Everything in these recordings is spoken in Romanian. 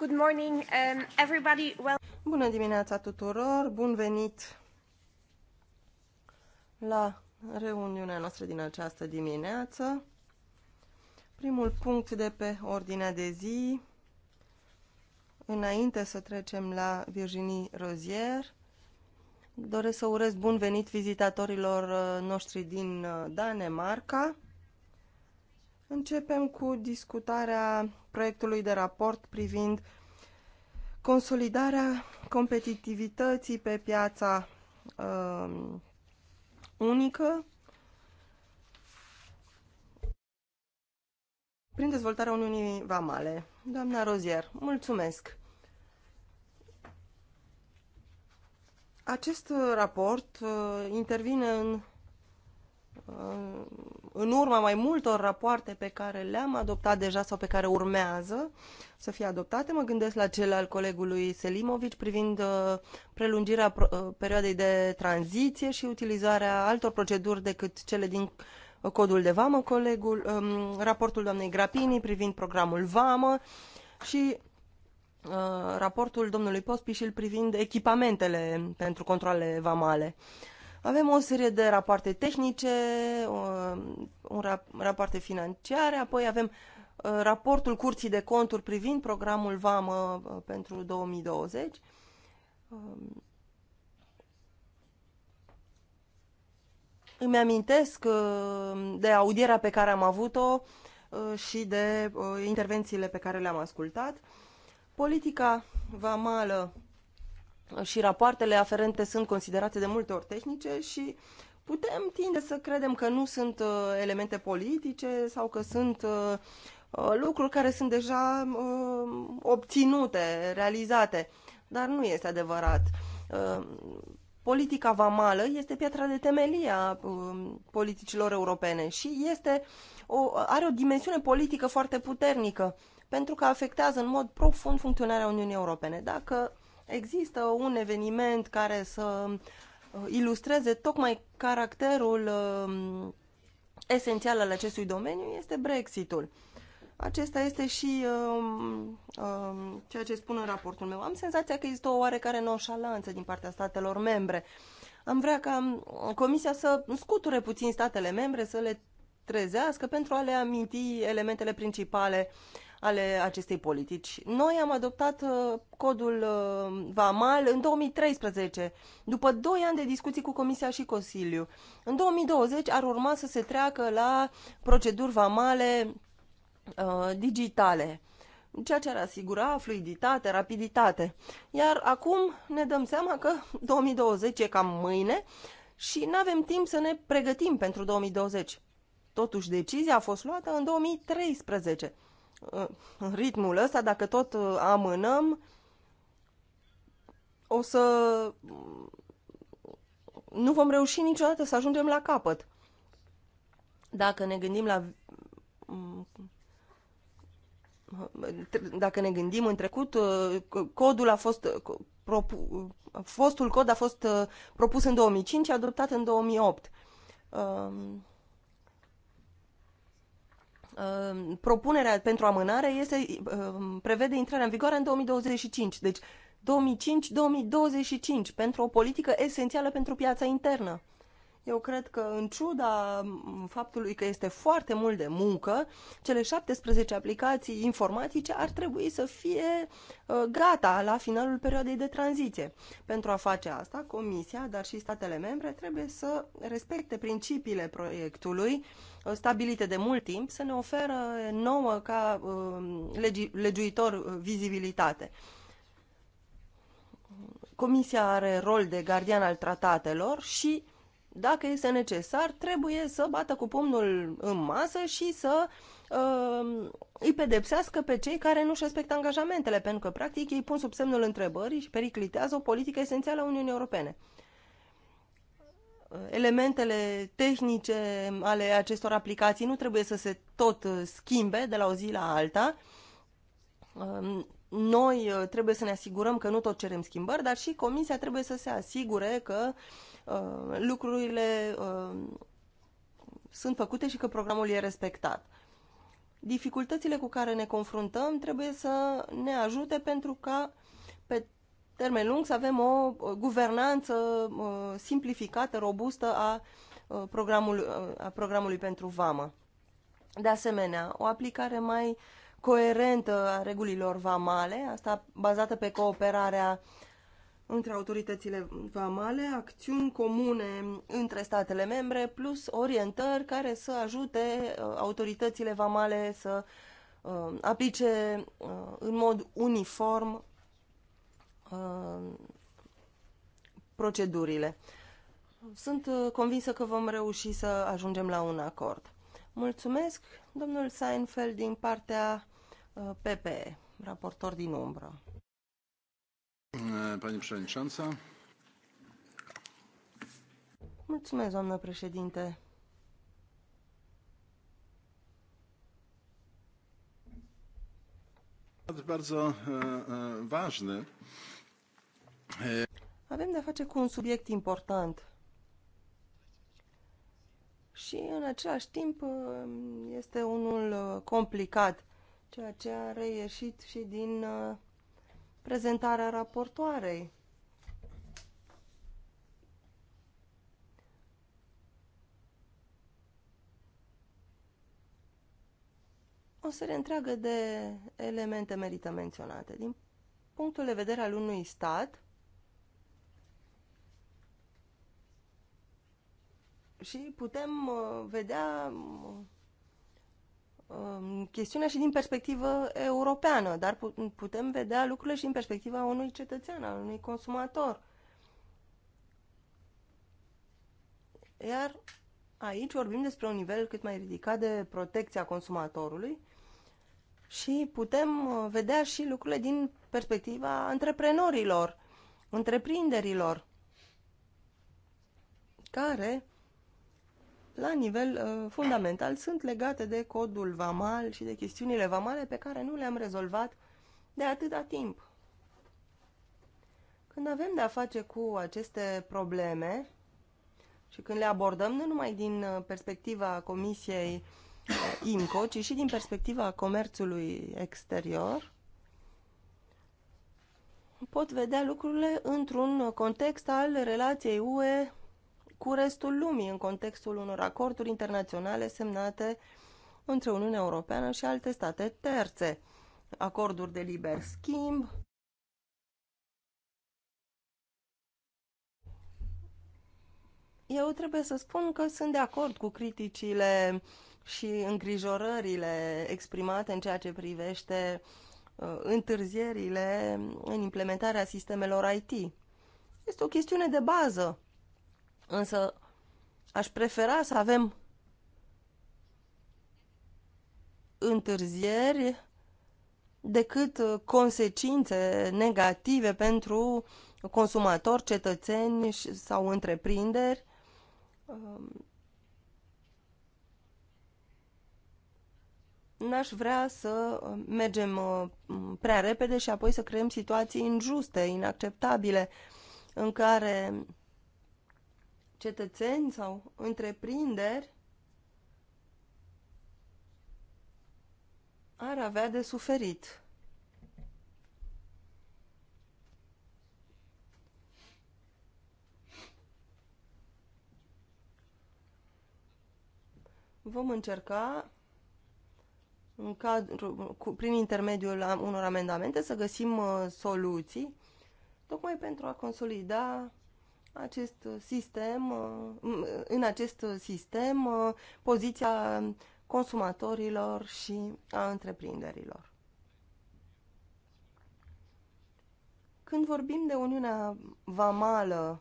Good morning, um, everybody. Well... Bună dimineața tuturor, bun venit la reuniunea noastră din această dimineață. Primul punct de pe ordinea de zi, înainte să trecem la Virginie Rozier, doresc să urez bun venit vizitatorilor uh, noștri din uh, Danemarca. Începem cu discutarea proiectului de raport privind consolidarea competitivității pe piața uh, unică prin dezvoltarea Uniunii Vamale. Doamna Rozier, mulțumesc! Acest raport uh, intervine în uh, în urma mai multor rapoarte pe care le-am adoptat deja sau pe care urmează să fie adoptate, mă gândesc la cel al colegului Selimovici privind uh, prelungirea uh, perioadei de tranziție și utilizarea altor proceduri decât cele din uh, codul de vamă, colegul, um, raportul doamnei Grapini privind programul vamă și raportul domnului Pospișil privind echipamentele pentru controle vamale. Avem o serie de rapoarte tehnice, un rap rapoarte financiare, apoi avem uh, raportul Curții de Conturi privind programul VAMă uh, pentru 2020. Um, îmi amintesc uh, de audierea pe care am avut-o și de intervențiile pe care le-am ascultat. Politica vamală și rapoartele aferente sunt considerate de multe ori tehnice și putem tinde să credem că nu sunt uh, elemente politice sau că sunt uh, uh, lucruri care sunt deja obținute, realizate, dar nu este adevărat. Politica vamală este piatra de temelie a um, politicilor europene și este o, are o dimensiune politică foarte puternică pentru că afectează în mod profund funcționarea Uniunii Europene. Dacă există un eveniment care să uh, ilustreze tocmai caracterul uh, esențial al acestui domeniu este Brexitul. Acesta este și um, um, ceea ce spun în raportul meu. Am senzația că există o oarecare noșalanță din partea statelor membre. Am vrea ca um, Comisia să scuture puțin statele membre, să le trezească pentru a le aminti elementele principale ale acestei politici. Noi am adoptat uh, codul uh, VAMAL în 2013, după 2 ani de discuții cu Comisia și Consiliu. În 2020 ar urma să se treacă la proceduri VAMALE uh, digitale ceea ce ar asigura fluiditate, rapiditate. Iar acum ne dăm seama că 2020 e cam mâine și nu avem timp să ne pregătim pentru 2020. Totuși, decizia a fost luată în 2013. Uh, ritmul ăsta, dacă tot uh, amânăm, o să mm, nu vom reuși niciodată să ajungem la capăt. Dacă ne gândim la mm, dacă ne gândim în trecut, uh, codul a fost propu, fostul cod a fost propus în 2005 și adoptat în 2008. Uh, propunerea pentru amânare este, uh, prevede intrarea în vigoare în 2025. Deci 2005-2025 pentru o politică esențială pentru piața internă. Eu cred că, în ciuda faptului că este foarte mult de muncă, cele 17 aplicații informatice ar trebui să fie uh, gata la finalul perioadei de tranziție. Pentru a face asta, Comisia, dar și statele membre, trebuie să respecte principiile proiectului uh, stabilite de mult timp să ne oferă nouă ca um, legiuitor uh, vizibilitate. Comisia are rol de gardian al tratatelor și, dacă este necesar, trebuie să bată cu pumnul în masă și să uh, îi pedepsească pe cei care nu-și respectă angajamentele, pentru că, practic, ei pun sub semnul întrebării și periclitează o politică esențială a Uniunii Europene. Uh, elementele tehnice ale acestor aplicații nu trebuie să se tot uh, schimbe de la o zi la alta. Um, noi uh, trebuie să ne asigurăm că nu tot cerem schimbări, dar și comisia trebuie să se asigure că lucrurile um, sunt făcute și că programul e respectat. Dificultățile cu care ne confruntăm trebuie să ne ajute pentru ca pe termen lung să avem o guvernanță uh, simplificată, robustă a uh, programului, uh, a programului pentru VAMA. De asemenea, o aplicare mai coerentă a regulilor vamale, asta bazată pe cooperarea între autoritățile vamale, acțiuni comune între statele membre, plus orientări care să ajute autoritățile vamale să aplice în mod uniform Uh, procedurile. Sunt uh, convinsă că vom reuși să ajungem la un acord. Mulțumesc, domnul Seinfeld, din partea uh, PPE, raportor din umbră. Mm, pani președintă. Mulțumesc, doamnă președinte. Bardzo ważny avem de-a face cu un subiect important. Și în același timp este unul uh, complicat, ceea ce a reieșit și din uh, prezentarea raportoarei. o serie întreagă de elemente merită menționate. Din punctul de vedere al unui stat, și putem uh, vedea um, uh, chestiunea și din perspectivă europeană, dar putem vedea lucrurile și din perspectiva unui cetățean, al unui consumator. Iar aici vorbim despre un nivel cât mai ridicat de protecția consumatorului și putem uh, vedea și lucrurile din perspectiva antreprenorilor, întreprinderilor, care la nivel uh, fundamental sunt legate de codul VAMAL și de chestiunile VAMALE pe care nu le-am rezolvat de atâta timp. Când avem de-a face cu aceste probleme și când le abordăm nu numai din uh, perspectiva Comisiei uh, IMCO, ci și din perspectiva comerțului exterior, pot vedea lucrurile într-un context al relației UE cu restul lumii în contextul unor acorduri internaționale semnate între Uniunea Europeană și alte state terțe, acorduri de liber schimb, eu trebuie să spun că sunt de acord cu criticile și îngrijorările exprimate în ceea ce privește uh, întârzierile în implementarea sistemelor IT. Este o chestiune de bază. Însă aș prefera să avem întârzieri decât uh, consecințe negative pentru consumatori, cetățeni sau întreprinderi. Um, n-aș vrea să uh, mergem uh, prea repede și apoi să creăm situații injuste, inacceptabile, în care cetățeni sau întreprinderi ar avea de suferit. Vom încerca în cadru, cu, prin intermediul unor amendamente să găsim uh, soluții tocmai pentru a consolida acest sistem, uh, în acest sistem, uh, poziția consumatorilor și a întreprinderilor. Când vorbim de Uniunea Vamală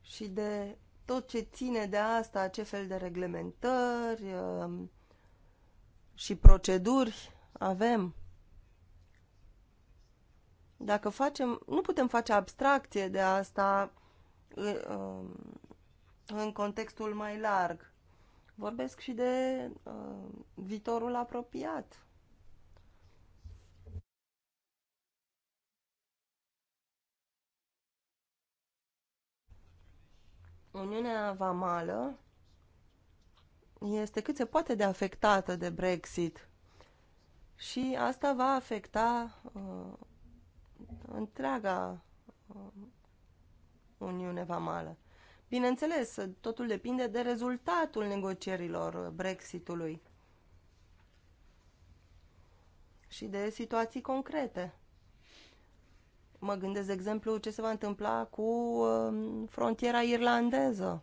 și de tot ce ține de asta, ce fel de reglementări uh, și proceduri avem, dacă facem, nu putem face abstracție de asta uh, um, în contextul mai larg. Vorbesc și de uh, viitorul apropiat. Uniunea Vamală este cât se poate de afectată de Brexit și asta va afecta uh, întreaga uh, Uniune Vamală. Bineînțeles, totul depinde de rezultatul negocierilor Brexitului și de situații concrete. Mă gândesc, de exemplu, ce se va întâmpla cu uh, frontiera irlandeză.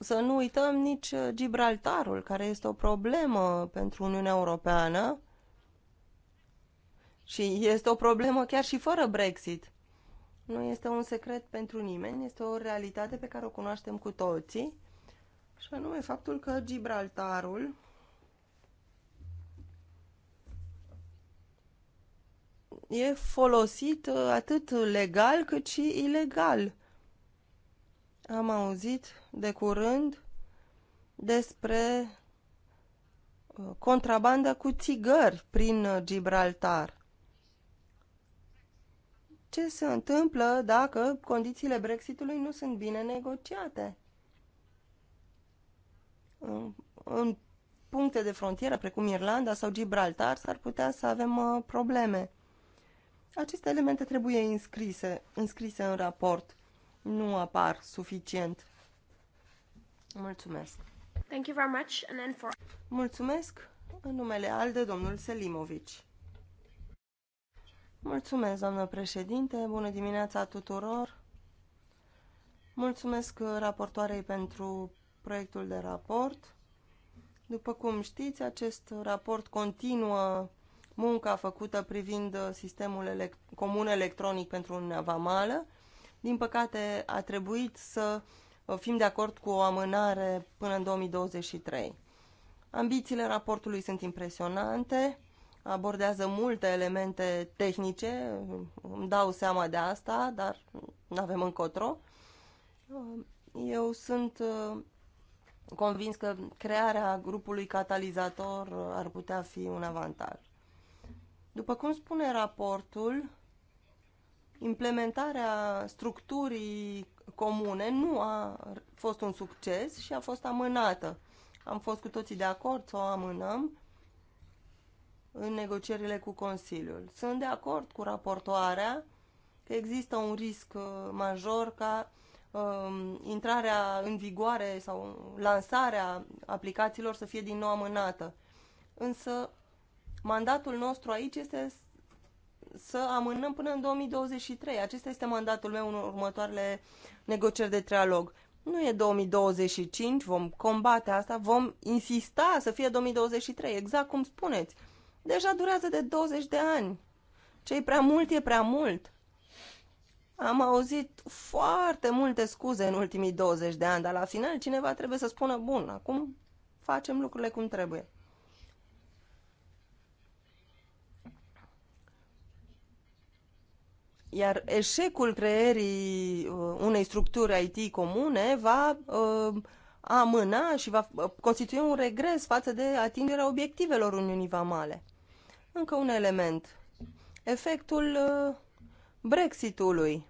Să nu uităm nici Gibraltarul, care este o problemă pentru Uniunea Europeană și este o problemă chiar și fără Brexit. Nu este un secret pentru nimeni, este o realitate pe care o cunoaștem cu toții, și anume faptul că Gibraltarul e folosit uh, atât legal cât și ilegal. Am auzit de curând despre uh, contrabanda cu țigări prin uh, Gibraltar ce se întâmplă dacă condițiile Brexitului nu sunt bine negociate. În puncte de frontieră, precum Irlanda sau Gibraltar, s-ar putea să avem uh, probleme. Aceste elemente trebuie înscrise, înscrise în raport. Nu apar suficient. Mulțumesc. Thank you very much. And then for... Mulțumesc în numele al de domnul Selimovici. Mulțumesc, doamnă președinte. Bună dimineața tuturor. Mulțumesc raportoarei pentru proiectul de raport. După cum știți, acest raport continuă munca făcută privind sistemul elect comun electronic pentru Uniunea Vamală. Din păcate, a trebuit să fim de acord cu o amânare până în 2023. Ambițiile raportului sunt impresionante abordează multe elemente tehnice, îmi dau seama de asta, dar nu avem încotro. Uh, eu sunt uh, convins că crearea grupului catalizator uh, ar putea fi un avantaj. După cum spune raportul, implementarea structurii comune nu a fost un succes și a fost amânată. Am fost cu toții de acord să o amânăm în negocierile cu Consiliul. Sunt de acord cu raportoarea că există un risc uh, major ca um, intrarea în vigoare sau lansarea aplicațiilor să fie din nou amânată. Însă mandatul nostru aici este să amânăm până în 2023. Acesta este mandatul meu în următoarele negocieri de trialog. Nu e 2025, vom combate asta, vom insista să fie 2023, exact cum spuneți deja durează de 20 de ani. Cei prea mult e prea mult. Am auzit foarte multe scuze în ultimii 20 de ani, dar la final cineva trebuie să spună, bun, acum facem lucrurile cum trebuie. Iar eșecul creierii uh, unei structuri IT comune va uh, amâna și va uh, constitui un regres față de atingerea obiectivelor Uniunii Vamale. Încă un element. Efectul uh, Brexitului.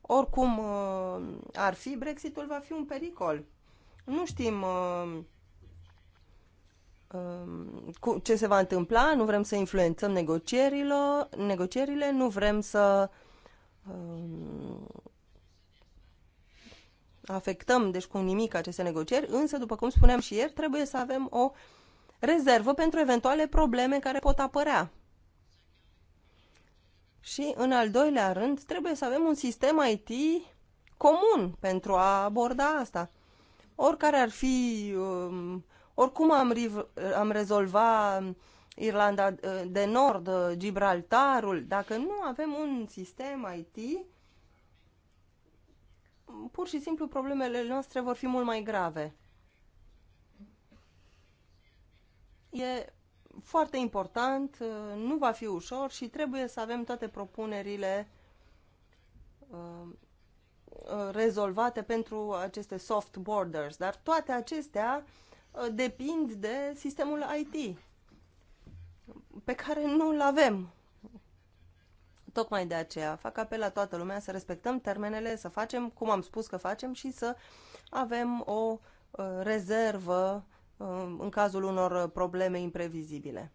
Oricum uh, ar fi, Brexitul va fi un pericol. Nu știm uh, ce se va întâmpla, nu vrem să influențăm negocierile, negocierile nu vrem să afectăm, deci cu nimic aceste negocieri, însă, după cum spuneam și ieri, trebuie să avem o uh, rezervă pentru eventuale probleme care pot apărea. Și, în al doilea rând, trebuie să avem un sistem IT comun pentru a aborda asta. Oricare ar fi, um, oricum am, am rezolva Irlanda uh, de Nord, uh, Gibraltarul, dacă nu avem un sistem IT, pur și simplu problemele noastre vor fi mult mai grave. E foarte important, uh, nu va fi ușor și trebuie să avem toate propunerile uh, uh, rezolvate pentru aceste soft borders, dar toate acestea depind de sistemul IT pe care nu îl avem. Tocmai de aceea fac apel la toată lumea să respectăm termenele, să facem cum am spus că facem și să avem o rezervă uh, Uh, în cazul unor probleme imprevizibile.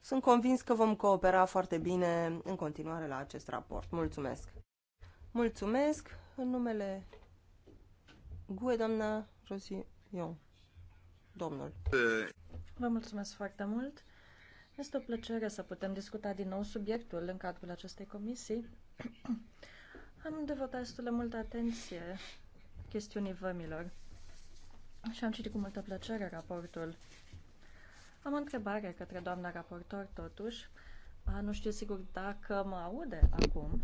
Sunt convins că vom coopera foarte bine în continuare la acest raport. Mulțumesc! Mulțumesc în numele GUE, doamna Rosi Ion. Domnul. Vă mulțumesc foarte mult. Este o plăcere să putem discuta din nou subiectul în cadrul acestei comisii. Am devotat destul de multă atenție chestiunii vămilor și am citit cu multă plăcere raportul. Am o întrebare către doamna raportor, totuși. A, nu știu sigur dacă mă aude acum.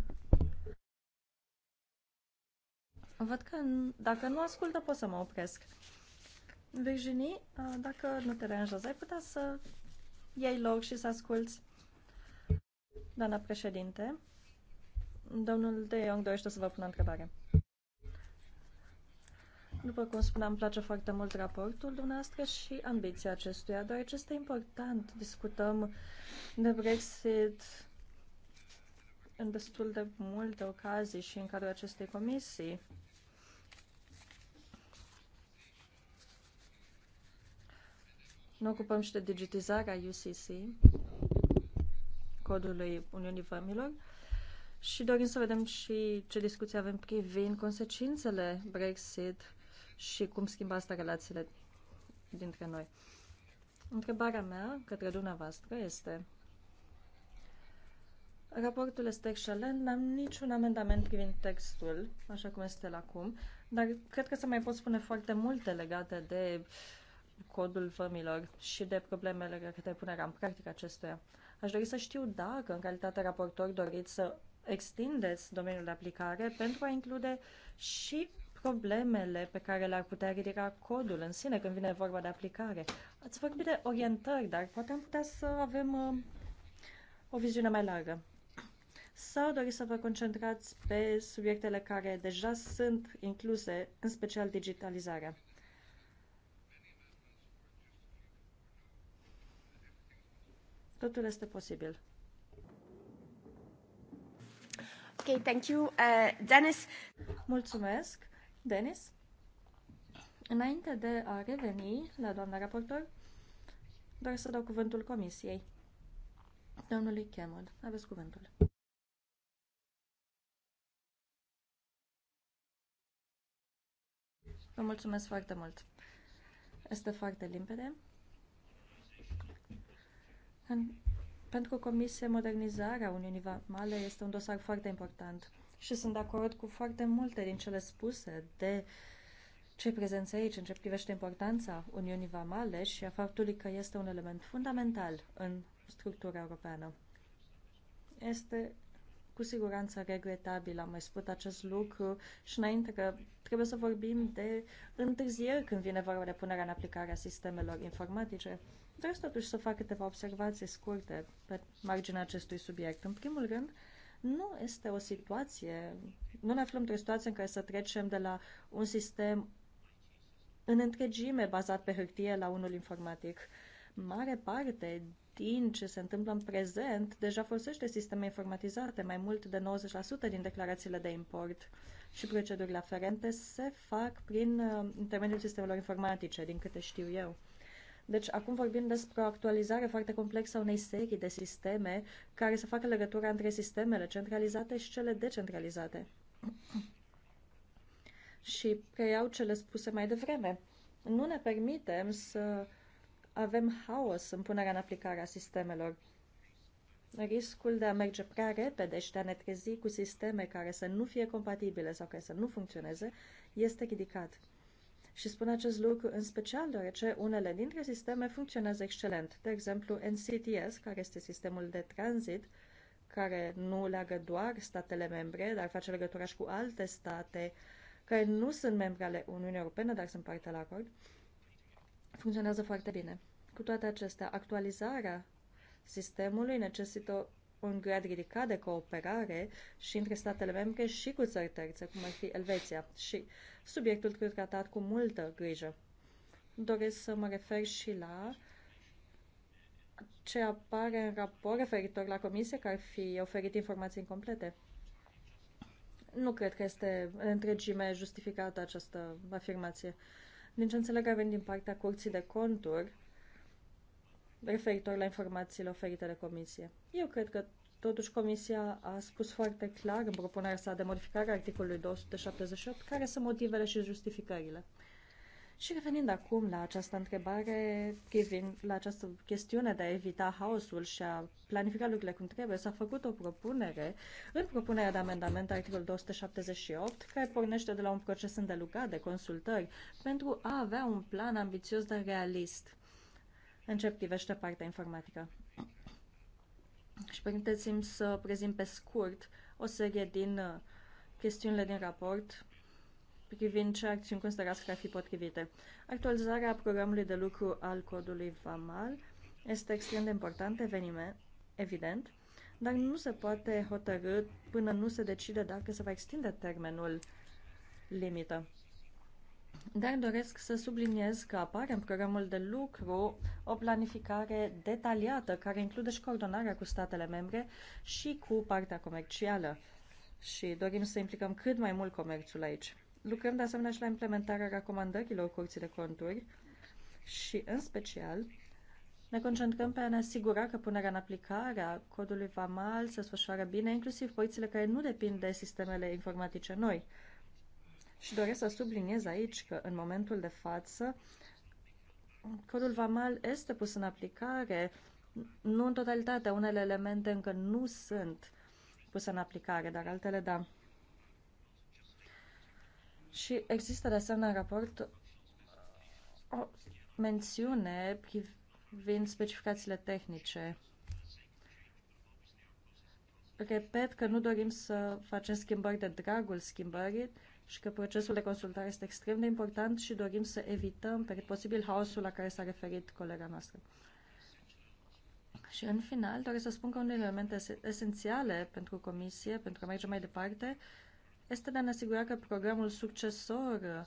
Văd că dacă nu ascultă, pot să mă opresc. Virginie, dacă nu te deranjează, ai putea să iei loc și să asculți. Doamna președinte, domnul De Jong dorește să vă pună întrebare. După cum spuneam, îmi place foarte mult raportul dumneavoastră și ambiția acestuia, dar ce este important. Discutăm de Brexit în destul de multe ocazii și în cadrul acestei comisii. Ne ocupăm și de digitizarea UCC, codului Uniunii Vămilor, și dorim să vedem și ce discuții avem privind consecințele Brexit și cum schimba asta relațiile dintre noi. Întrebarea mea către dumneavoastră este Raportul este excelent, n-am niciun amendament privind textul, așa cum este la acum, dar cred că se mai pot spune foarte multe legate de codul vămilor și de problemele care de punerea în practică acestuia. Aș dori să știu dacă, în calitate raportor, doriți să extindeți domeniul de aplicare pentru a include și problemele pe care le-ar putea ridica codul în sine când vine vorba de aplicare. Ați vorbit de orientări, dar poate am putea să avem uh, o viziune mai largă. Sau doriți să vă concentrați pe subiectele care deja sunt incluse, în special digitalizarea? Totul este posibil. Ok, thank you, uh, Dennis. Mulțumesc. Denis, înainte de a reveni la doamna raportor, doar să dau cuvântul comisiei. Domnului Chemod, aveți cuvântul. Vă mulțumesc foarte mult. Este foarte limpede. În, pentru Comisie, modernizarea Uniunii Vamale este un dosar foarte important și sunt de acord cu foarte multe din cele spuse de cei prezenți aici în ce privește importanța Uniunii Vamale și a faptului că este un element fundamental în structura europeană. Este cu siguranță regretabil, am mai spus acest lucru și înainte că trebuie să vorbim de întârzieri când vine vorba de punerea în aplicare a sistemelor informatice. Vreau totuși să fac câteva observații scurte pe marginea acestui subiect. În primul rând, nu este o situație, nu ne aflăm într-o situație în care să trecem de la un sistem în întregime bazat pe hârtie la unul informatic. Mare parte din ce se întâmplă în prezent deja folosește sisteme informatizate. Mai mult de 90% din declarațiile de import și procedurile aferente se fac prin uh, intermediul sistemelor informatice, din câte știu eu. Deci acum vorbim despre o actualizare foarte complexă a unei serii de sisteme care să facă legătura între sistemele centralizate și cele decentralizate. și preiau cele spuse mai devreme. Nu ne permitem să avem haos în punerea în aplicare a sistemelor. Riscul de a merge prea repede și de a ne trezi cu sisteme care să nu fie compatibile sau care să nu funcționeze este ridicat. Și spun acest lucru în special deoarece unele dintre sisteme funcționează excelent. De exemplu, NCTS, care este sistemul de tranzit, care nu leagă doar statele membre, dar face legătura și cu alte state care nu sunt membre ale Uniunii Europene, dar sunt parte la acord, funcționează foarte bine. Cu toate acestea, actualizarea sistemului necesită un grad ridicat de cooperare și între statele membre și cu țări terțe, cum ar fi Elveția, și subiectul trebuie tratat cu multă grijă. Doresc să mă refer și la ce apare în raport referitor la comisie că ar fi oferit informații incomplete. Nu cred că este în întregime justificată această afirmație. Din ce înțeleg, a venit din partea Curții de Conturi, referitor la informațiile oferite de comisie. Eu cred că Totuși, Comisia a spus foarte clar în propunerea sa de modificare a articolului 278 care sunt motivele și justificările. Și revenind acum la această întrebare, privind la această chestiune de a evita haosul și a planifica lucrurile cum trebuie, s-a făcut o propunere în propunerea de amendament a articolului 278, care pornește de la un proces îndelugat de consultări pentru a avea un plan ambițios, dar realist în ce privește partea informatică. Și permiteți-mi să prezint pe scurt o serie din uh, chestiunile din raport privind ce acțiuni considerați că ar fi potrivite. Actualizarea programului de lucru al codului VAMAL este extrem de important, eveniment, evident, dar nu se poate hotărâ până nu se decide dacă se va extinde termenul limită dar doresc să subliniez că apare în programul de lucru o planificare detaliată care include și coordonarea cu statele membre și cu partea comercială și dorim să implicăm cât mai mult comerțul aici. Lucrăm de asemenea și la implementarea recomandărilor Curții de Conturi și, în special, ne concentrăm pe a ne asigura că punerea în aplicare a codului VAMAL se sfășoară bine, inclusiv părțile care nu depind de sistemele informatice noi. Și doresc să subliniez aici că în momentul de față codul VAMAL este pus în aplicare, nu în totalitate, unele elemente încă nu sunt puse în aplicare, dar altele da. Și există de asemenea în raport o mențiune privind specificațiile tehnice. Repet că nu dorim să facem schimbări de dragul schimbării, și că procesul de consultare este extrem de important și dorim să evităm pe cât posibil haosul la care s-a referit colega noastră. Și în final, doresc să spun că unul dintre elemente esențiale pentru comisie, pentru a merge mai departe, este de a ne asigura că programul succesor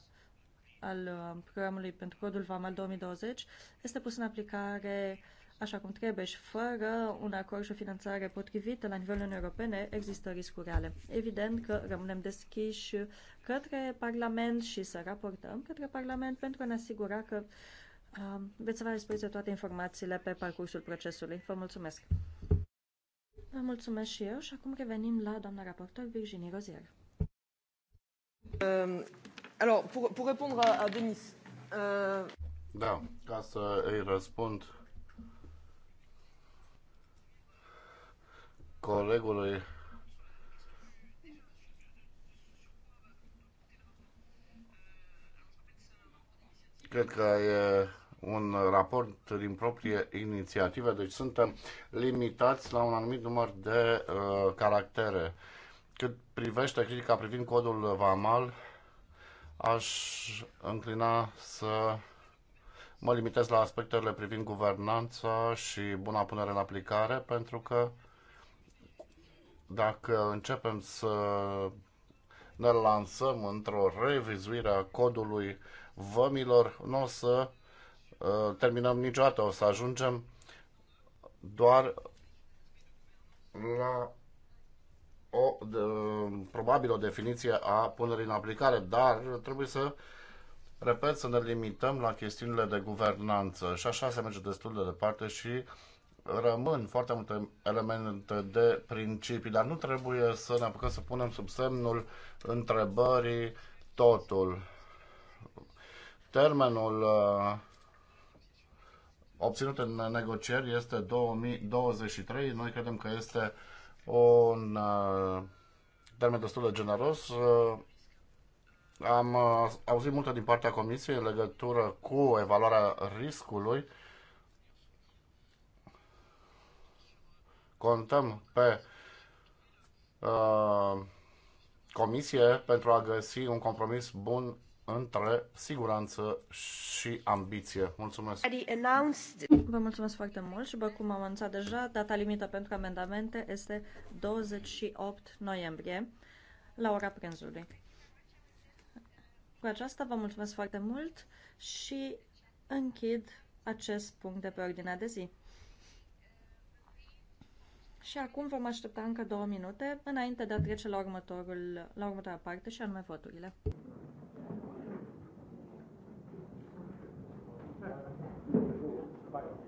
al uh, programului pentru Codul Vamal 2020 este pus în aplicare așa cum trebuie și fără un acord și o finanțare potrivită la nivelul Uniunii Europene, există riscuri reale. Evident că rămânem deschiși către Parlament și să raportăm către Parlament pentru a ne asigura că uh, veți avea dispoziție toate informațiile pe parcursul procesului. Vă mulțumesc! Vă mulțumesc și eu și acum revenim la doamna raportor Virginie Rozier. Uh, alors, pour, pour répondre à, à Denis. Uh... Da, ca să îi răspund colegului cred că e un raport din proprie inițiativă, deci suntem limitați la un anumit număr de uh, caractere. Cât privește critica privind codul VAMAL, aș înclina să mă limitez la aspectele privind guvernanța și buna punere în aplicare, pentru că dacă începem să ne lansăm într-o revizuire a codului vămilor, nu o să uh, terminăm niciodată, o să ajungem doar la o, de, probabil o definiție a punerii în aplicare, dar trebuie să, repet, să ne limităm la chestiunile de guvernanță și așa se merge destul de departe și rămân foarte multe elemente de principii, dar nu trebuie să ne apucăm să punem sub semnul întrebării totul. Termenul uh, obținut în negocieri este 2023. Noi credem că este un uh, termen destul de generos. Uh, am uh, auzit multe din partea Comisiei în legătură cu evaluarea riscului contăm pe uh, comisie pentru a găsi un compromis bun între siguranță și ambiție. Mulțumesc! Vă mulțumesc foarte mult și, bă, cum am anunțat deja, data limită pentru amendamente este 28 noiembrie la ora prânzului. Cu aceasta vă mulțumesc foarte mult și închid acest punct de pe ordinea de zi. Și acum vom aștepta încă două minute înainte de a trece la, următorul, la următoarea parte și anume voturile. you.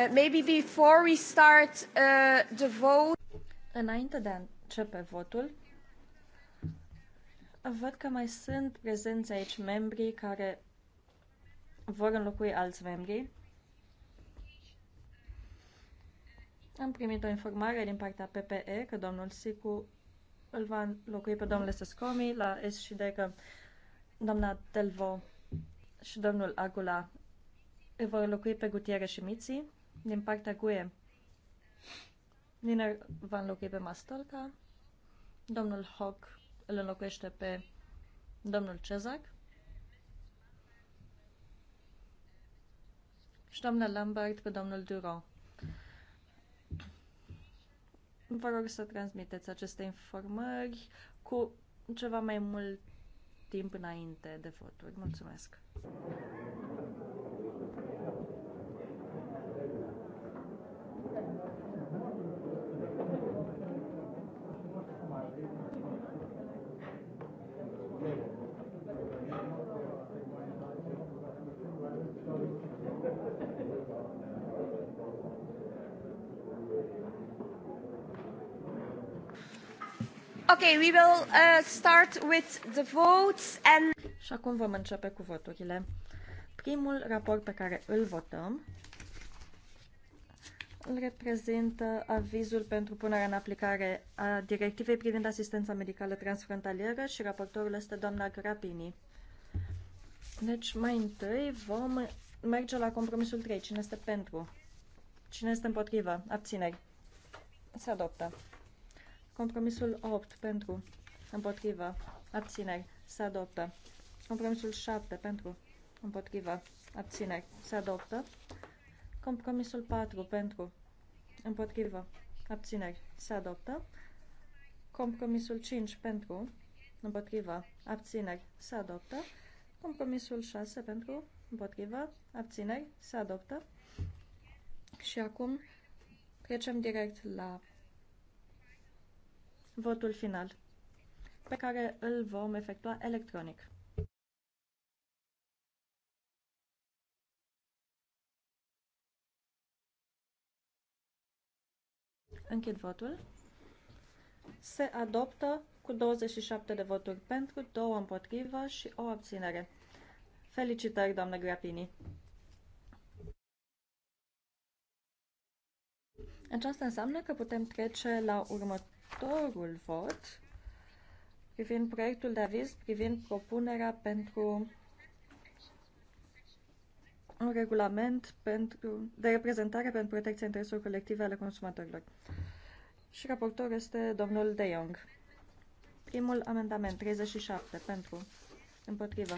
Uh, maybe before we start uh, the vote... Înainte de a începe votul, văd că mai sunt prezenți aici membri care vor înlocui alți membri. Am primit o informare din partea PPE că domnul Sicu îl va înlocui pe domnul Sescomi la S și D că doamna Telvo și domnul Agula îl vor înlocui pe Gutiere și Miții din partea GUE. Nina va înlocui pe mastolca, domnul Hock îl înlocuiește pe domnul Cezac și doamna Lambert pe domnul Duro. Vă rog să transmiteți aceste informări cu ceva mai mult timp înainte de voturi. Mulțumesc! Okay, we will uh, start with the votes and... Și acum vom începe cu voturile. Primul raport pe care îl votăm îl reprezintă avizul pentru punerea în aplicare a directivei privind asistența medicală transfrontalieră și raportorul este doamna Grapini. Deci, mai întâi vom merge la compromisul 3. Cine este pentru? Cine este împotrivă? Abțineri. Se adoptă. Compromisul 8 pentru, împotrivă, abțineri, se adoptă. Compromisul 7 pentru, împotrivă, abțineri, se adoptă. Compromisul 4 pentru, împotrivă, abțineri, se adoptă. Compromisul 5 pentru, împotrivă, abțineri, se adoptă. Compromisul 6 pentru, împotrivă, abțineri, se adoptă. Și acum trecem direct la votul final, pe care îl vom efectua electronic. Închid votul. Se adoptă cu 27 de voturi pentru, 2 împotrivă și o abținere. Felicitări, doamnă Grapini! Aceasta înseamnă că putem trece la următoarea următorul vot privind proiectul de aviz privind propunerea pentru un regulament pentru, de reprezentare pentru protecția intereselor colective ale consumatorilor. Și raportorul este domnul De Jong. Primul amendament, 37, pentru, împotrivă,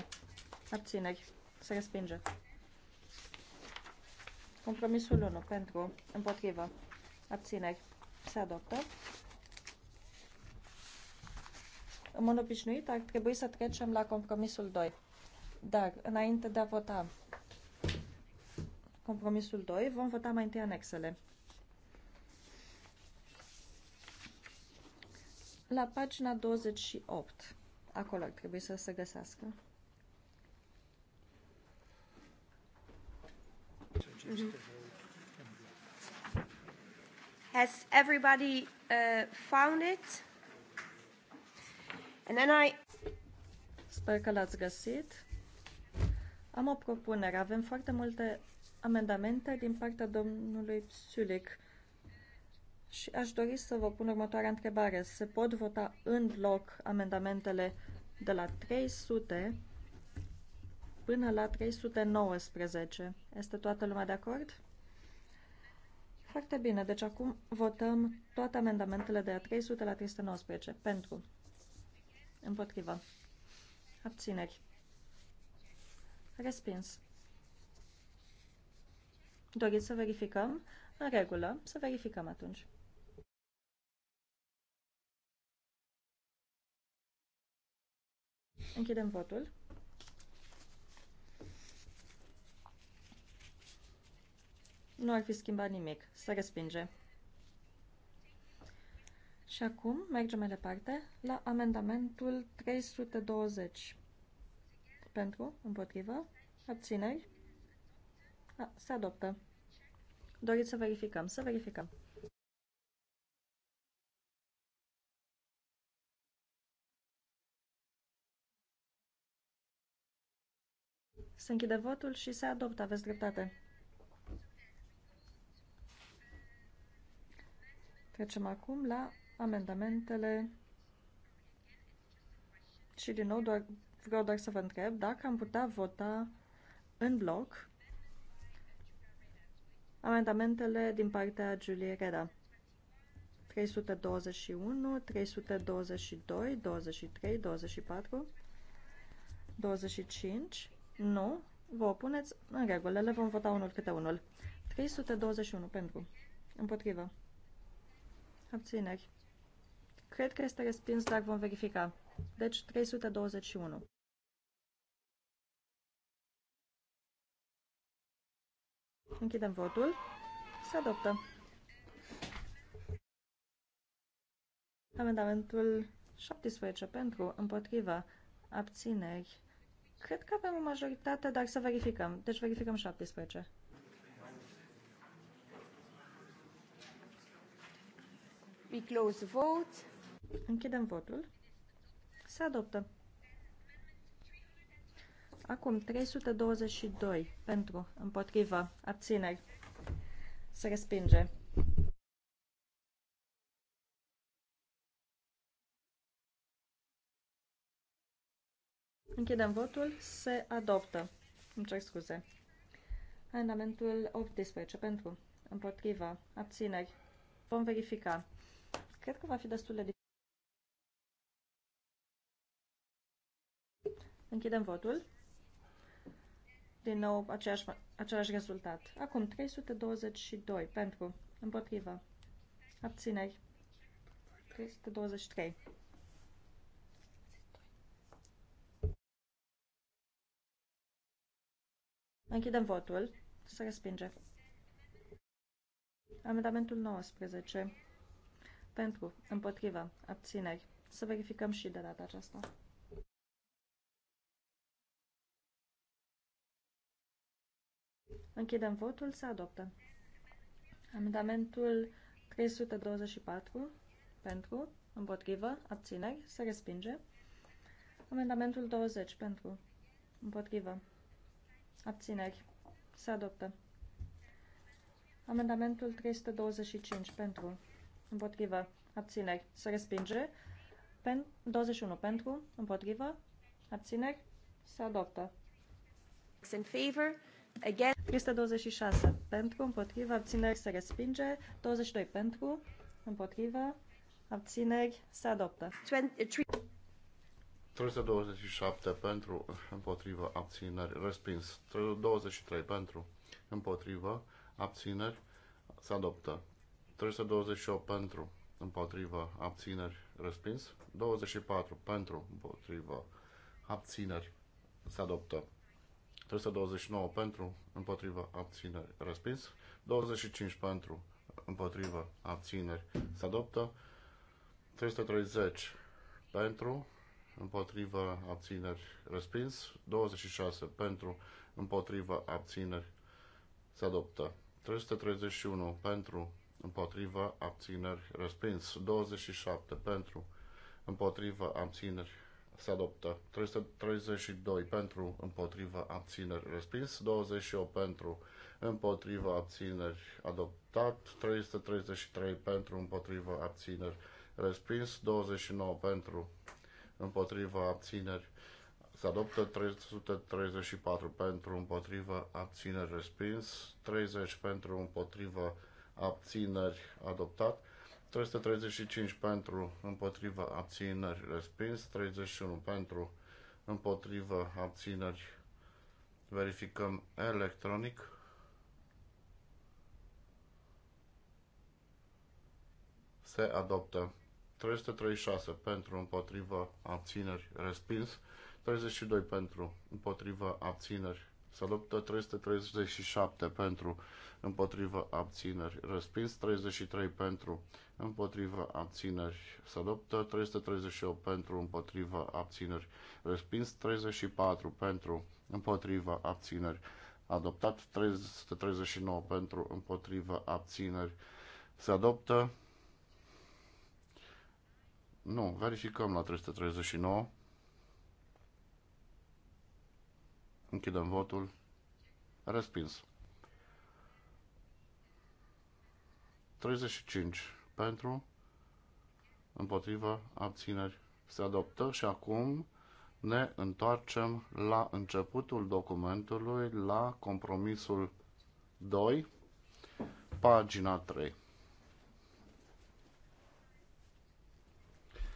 abțineri, se respinge. Compromisul 1, pentru, împotrivă, abțineri, se adoptă. În mod obișnuit ar trebui să trecem la compromisul 2. Dar, înainte de a vota compromisul 2, vom vota mai întâi anexele. La pagina 28, acolo ar trebui să se găsească. Has everybody uh, found it? And then I... Sper că l-ați găsit. Am o propunere. Avem foarte multe amendamente din partea domnului Psulic. Și aș dori să vă pun următoarea întrebare. Se pot vota în bloc amendamentele de la 300 până la 319. Este toată lumea de acord? Foarte bine, deci acum votăm toate amendamentele de la 300 la 319. Pentru, Împotrivă. Abțineri. Respins. Doriți să verificăm? În regulă, să verificăm atunci. Închidem votul. Nu ar fi schimbat nimic. Să respinge. Și acum mergem mai departe la amendamentul 320. Pentru, împotrivă, abțineri, A, se adoptă. Doriți să verificăm, să verificăm. Se închide votul și se adoptă, aveți dreptate. Trecem acum la amendamentele și din nou doar, vreau doar să vă întreb dacă am putea vota în bloc amendamentele din partea Julie Reda. 321, 322, 23, 24, 25. Nu, vă opuneți. În regulă, le vom vota unul câte unul. 321 pentru. Împotrivă. Abțineri. Cred că este respins, dar vom verifica. Deci 321. Închidem votul. Se adoptă. Amendamentul 17 pentru, împotriva, abțineri. Cred că avem o majoritate, dar să verificăm. Deci verificăm 17. We close the vote. Închidem votul. Se adoptă. Acum 322 pentru, împotrivă, abțineri. Se respinge. Închidem votul. Se adoptă. Îmi cer scuze. Amendamentul 18 pentru, împotriva, abțineri. Vom verifica. Cred că va fi destul de dificil. Închidem votul. Din nou, aceeași, același rezultat. Acum, 322 pentru, împotrivă, abțineri. 323. Închidem votul. Se respinge. Amendamentul 19. Pentru, împotrivă, abțineri. Să verificăm și de data aceasta. Închidem votul. Se adoptă. Amendamentul 324 pentru, împotrivă, abțineri, se respinge. Amendamentul 20 pentru, împotrivă, abțineri, se adoptă. Amendamentul 325 pentru, împotrivă, abțineri, se respinge. Pen, 21 pentru, împotrivă, abțineri, se adoptă. In favor. 326 pentru, împotriva, abțineri se respinge. 22 pentru, împotriva, abțineri se adoptă. 327 pentru, împotriva, abțineri, respins. 23 pentru, împotriva, abțineri, se adoptă. 328 pentru, împotriva, abțineri, respins. 24 pentru, împotriva, abțineri, se adoptă. 329 pentru, împotriva abțineri respins, 25 pentru, împotriva abțineri se adoptă, 330 pentru, împotriva abțineri respins, 26 pentru, împotriva abțineri se adoptă, 331 pentru, împotriva abțineri respins, 27 pentru, împotriva abțineri se adoptă. 332 pentru, împotriva, abțineri, respins. 28 pentru, împotriva, abțineri, adoptat. 333 pentru, împotriva, abțineri, respins. 29 pentru, împotriva, abțineri, se adoptă 334 pentru împotrivă, abțineri respins, 30 pentru împotrivă, abțineri adoptat, 335 pentru, împotriva abțineri respins, 31 pentru, împotriva abțineri verificăm electronic. Se adoptă 336 pentru, împotriva abțineri respins, 32 pentru, împotriva abțineri se adoptă 337 pentru, împotrivă abțineri respins, 33 pentru împotrivă abțineri se adoptă, 338 pentru împotrivă abțineri respins, 34 pentru împotrivă abțineri adoptat, 339 pentru împotrivă abțineri se adoptă. Nu, verificăm la 339. Închidem votul. Respins. 35 pentru, împotriva abțineri, se adoptă și acum ne întoarcem la începutul documentului, la compromisul 2, pagina 3.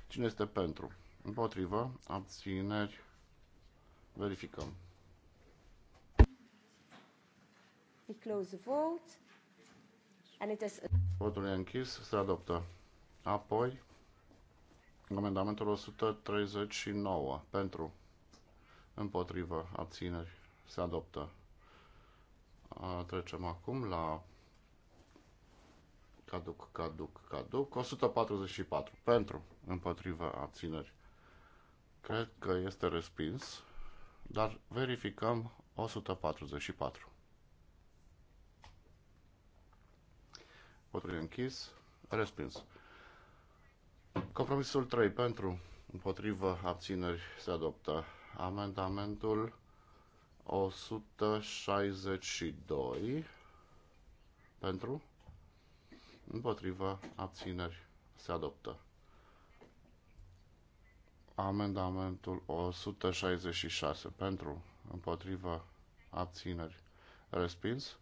Cine este pentru? Împotrivă, abțineri, verificăm. We close the vote. Votul e închis, se adoptă. Apoi, amendamentul 139 pentru împotrivă abțineri se adoptă. trecem acum la caduc, caduc, caduc. 144 pentru împotrivă abțineri. Cred că este respins, dar verificăm 144. Împotriva închis, respins. Compromisul 3 pentru, împotrivă, abțineri, se adoptă. Amendamentul 162 pentru, împotrivă, abțineri, se adoptă. Amendamentul 166 pentru, împotrivă, abțineri, respins.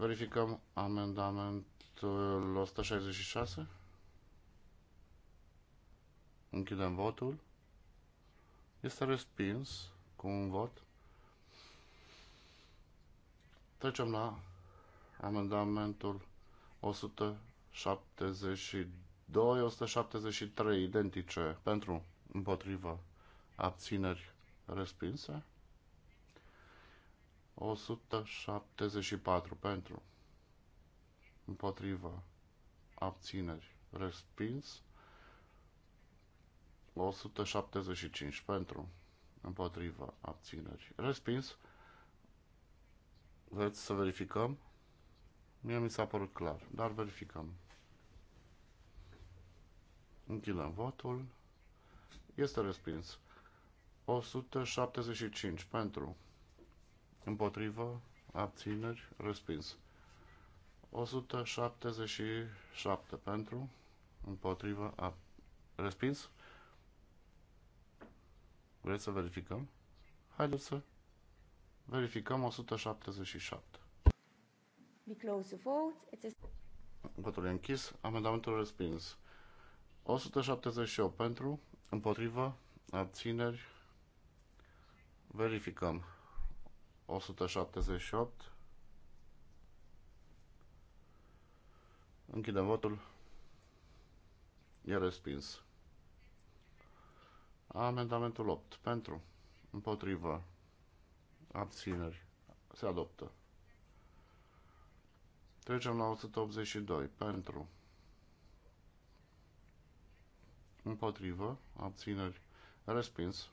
Verificăm amendamentul 166. Închidem votul. Este respins cu un vot. Trecem la amendamentul 172, 173 identice pentru împotriva abțineri respinse. 174 pentru, împotriva, abțineri, respins. 175 pentru, împotriva, abțineri, respins. Vreți să verificăm? Mie mi s-a părut clar, dar verificăm. Închidem votul. Este respins. 175 pentru, împotrivă, abțineri, respins. 177 pentru, împotrivă, ab... respins. Vreți să verificăm? Haideți să verificăm 177. We close the vote. It's a... Votul e închis, amendamentul respins. 178 pentru, împotrivă, abțineri, verificăm. 178. Închidem votul. E respins. Amendamentul 8. Pentru. Împotrivă. Abțineri. Se adoptă. Trecem la 182. Pentru. Împotrivă. Abțineri. Respins.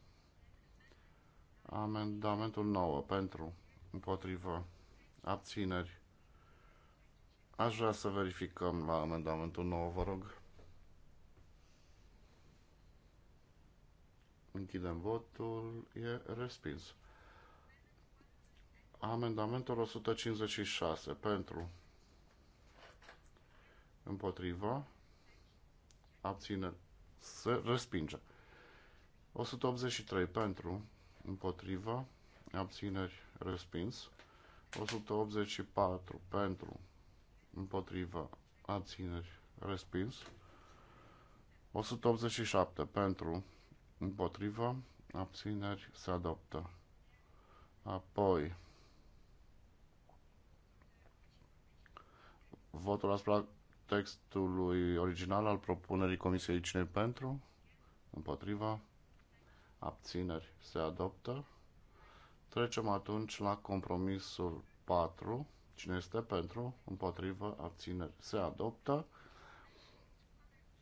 Amendamentul 9 pentru, împotrivă, abțineri. Aș vrea să verificăm la amendamentul 9, vă rog. Închidem votul. E respins. Amendamentul 156 pentru împotriva abțineri, se respinge. 183 pentru împotriva, abțineri, respins. 184 pentru, împotriva, abțineri, respins. 187 pentru, împotriva, abțineri, se adoptă. Apoi, votul asupra textului original al propunerii Comisiei Cine pentru, împotriva, abțineri se adoptă. Trecem atunci la compromisul 4. Cine este pentru, împotrivă, abțineri se adoptă.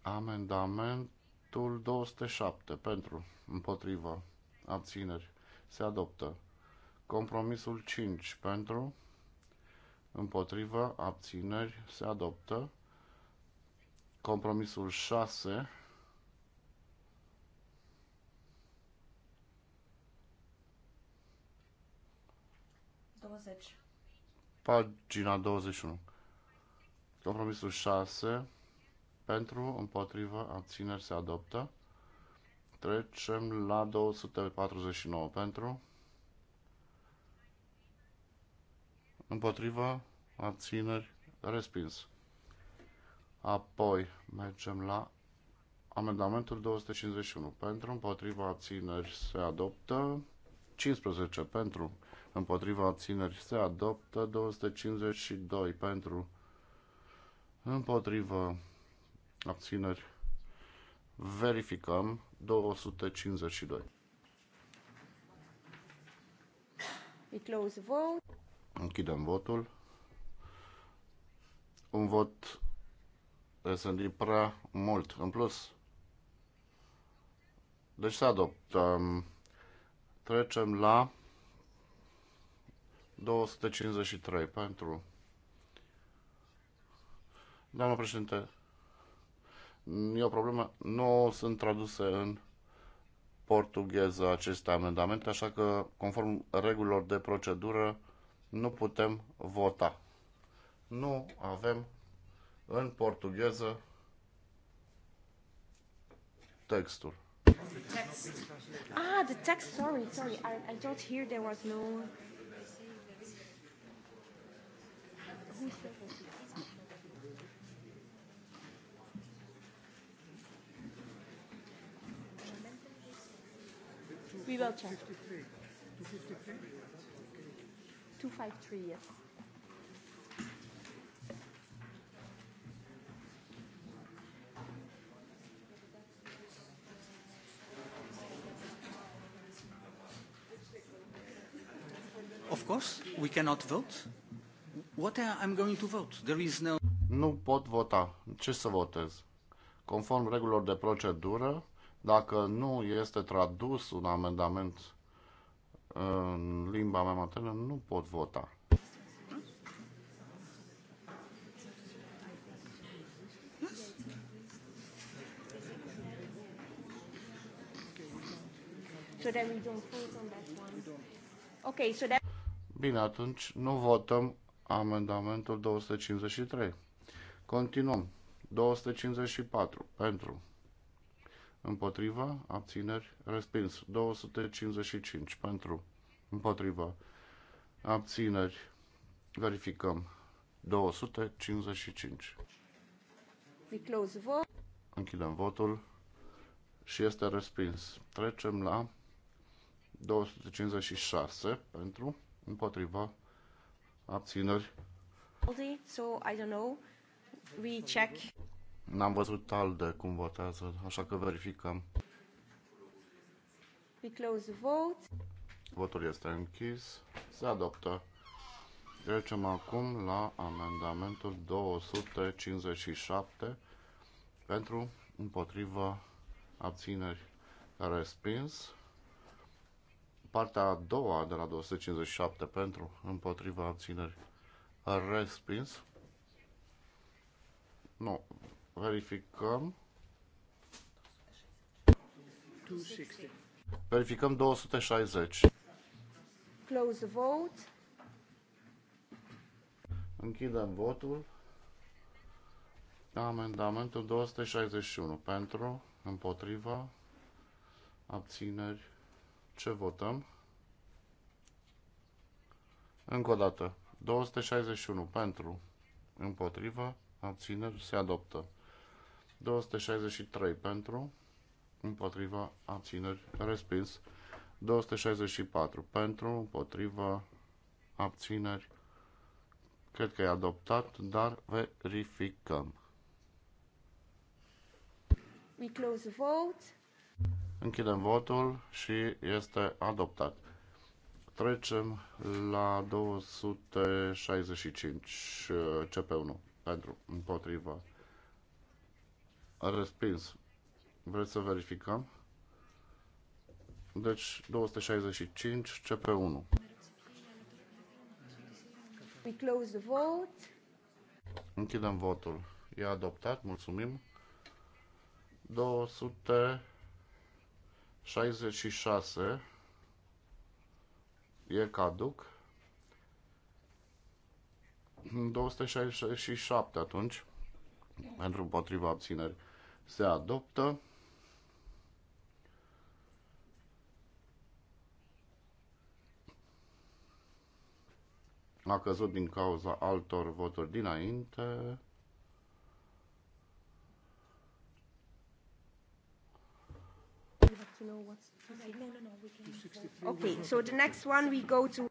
Amendamentul 207 pentru, împotrivă, abțineri se adoptă. Compromisul 5 pentru, împotrivă, abțineri se adoptă. Compromisul 6 20. Pagina 21. Compromisul 6. Pentru, împotrivă, abțineri se adoptă. Trecem la 249. Pentru, împotrivă, abțineri, respins. Apoi mergem la amendamentul 251. Pentru, împotriva, abțineri se adoptă. 15 pentru, împotriva abțineri se adoptă, 252 pentru împotriva abțineri verificăm 252. We close vote. Închidem votul. Un vot este prea mult în plus. Deci se adoptă. Trecem la 253 pentru. Doamna președinte, e o problemă. Nu sunt traduse în portugheză aceste amendamente, așa că, conform regulilor de procedură, nu putem vota. Nu avem în portugheză textul. Text. Ah, the text, sorry, sorry. I, I thought here there was no... We will check. 253. yes. Of course, we cannot vote. What going to vote? There is no... Nu pot vota. Ce să votez? Conform regulilor de procedură, dacă nu este tradus un amendament în limba mea maternă, nu pot vota. Okay, Bine, atunci nu votăm amendamentul 253. Continuăm. 254 pentru. Împotriva, abțineri, respins. 255 pentru. Împotriva, abțineri, verificăm. 255. We close vote. Închidem votul și este respins. Trecem la 256 pentru, împotriva, Abțineri? So, I don't know. We check. N-am văzut alde cum votează, așa că verificăm. We close the vote. Votul este închis. Se adoptă. Trecem acum la amendamentul 257 pentru împotriva abțineri respins. Partea a doua de la 257 pentru împotriva abțineri respins. Nu. Verificăm. 260. Verificăm 260. Close the vote. Închidem votul. Amendamentul 261 pentru, împotriva, abțineri, ce votăm? Încă o dată. 261 pentru, împotrivă, abțineri, se adoptă. 263 pentru, împotriva, abțineri, respins. 264 pentru, împotriva, abțineri. Cred că e adoptat, dar verificăm. We close the vote. Închidem votul și este adoptat. Trecem la 265 CP1 uh, pentru împotriva respins. Vreți să verificăm? Deci 265 CP1. We close the vote. Închidem votul. E adoptat, mulțumim. 200 66 e caduc. 267 atunci pentru împotriva abțineri se adoptă. A căzut din cauza altor voturi dinainte. know what's... Okay, no, no, no, we can... okay, so the next one we go to...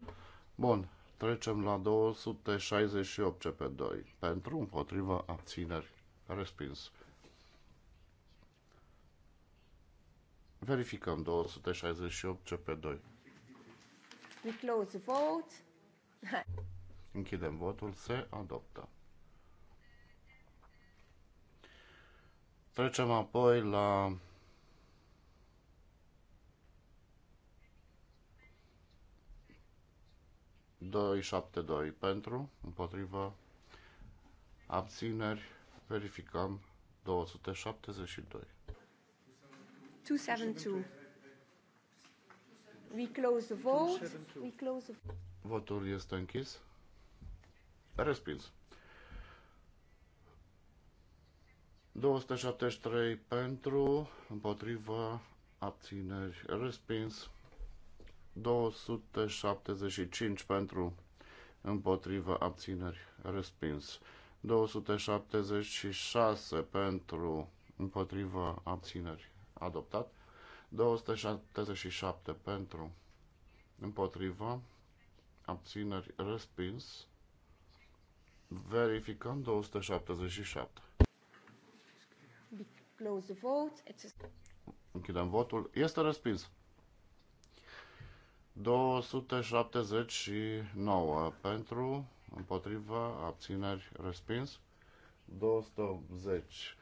Bun, trecem la 268 cp 2. Pentru, împotriva, abțineri, respins. Verificăm 268 cp 2. We close the vote. Închidem votul, se adoptă. Trecem apoi la 272 pentru, împotrivă, abțineri, verificăm 272. 272. We close the vote. We close the... Votul este închis. Respins. 273 pentru, împotrivă, abțineri, respins. 275 pentru împotriva abțineri respins. 276 pentru împotriva abțineri adoptat. 277 pentru împotriva abțineri respins. Verificăm 277. Close the vote. Închidem votul. Este respins. 279 pentru, împotriva abțineri, respins. 280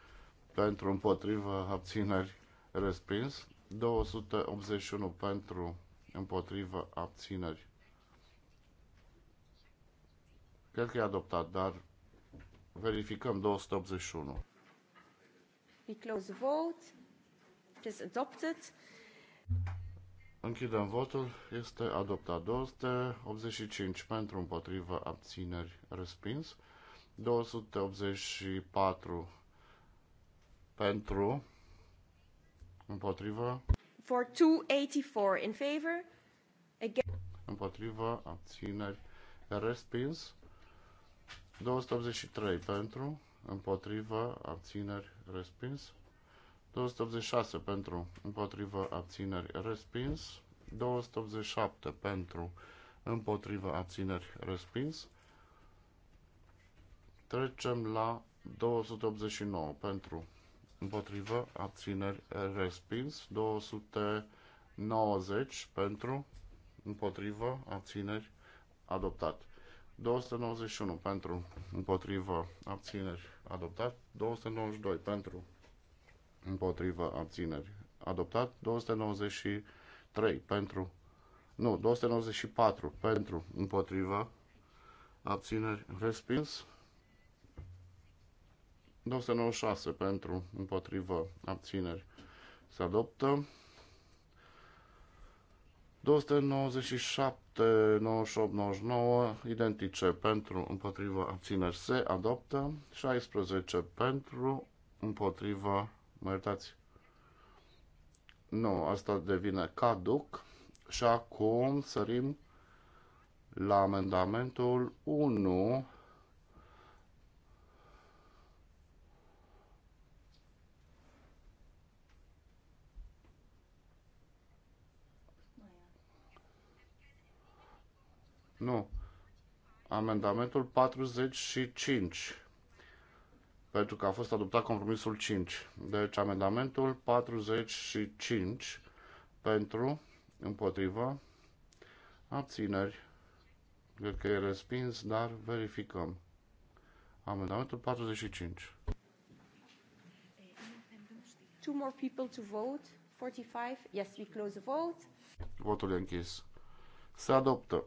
pentru, împotriva abțineri, respins. 281 pentru, împotriva abțineri. Cred că e adoptat, dar verificăm 281. We close the vote. It is adopted. Închidem votul. Este adoptat 285 pentru împotrivă abțineri respins. 284 pentru împotrivă. For 284 in favor. Again. Împotrivă abțineri respins. 283 pentru împotrivă abțineri respins. 286 pentru, împotrivă, abțineri, respins. 287 pentru, împotrivă, abțineri, respins. Trecem la 289 pentru, împotrivă, abțineri, respins. 290 pentru, împotrivă, abțineri, adoptat. 291 pentru, împotrivă, abțineri, adoptat. 292 pentru, împotriva abțineri. Adoptat 293 pentru, nu, 294 pentru, împotriva abțineri, respins. 296 pentru, împotriva abțineri. Se adoptă. 297, 98, 99 identice pentru, împotriva abțineri se adoptă. 16 pentru, împotriva Mă iertați. Nu, asta devine caduc. Și acum sărim la amendamentul 1 Nu. Amendamentul 45 pentru că a fost adoptat compromisul 5. Deci amendamentul 45 pentru, împotrivă, abțineri. Cred că e respins, dar verificăm. Amendamentul 45. Two more people to vote. 45. Yes, we close the vote. Votul e închis. Se adoptă.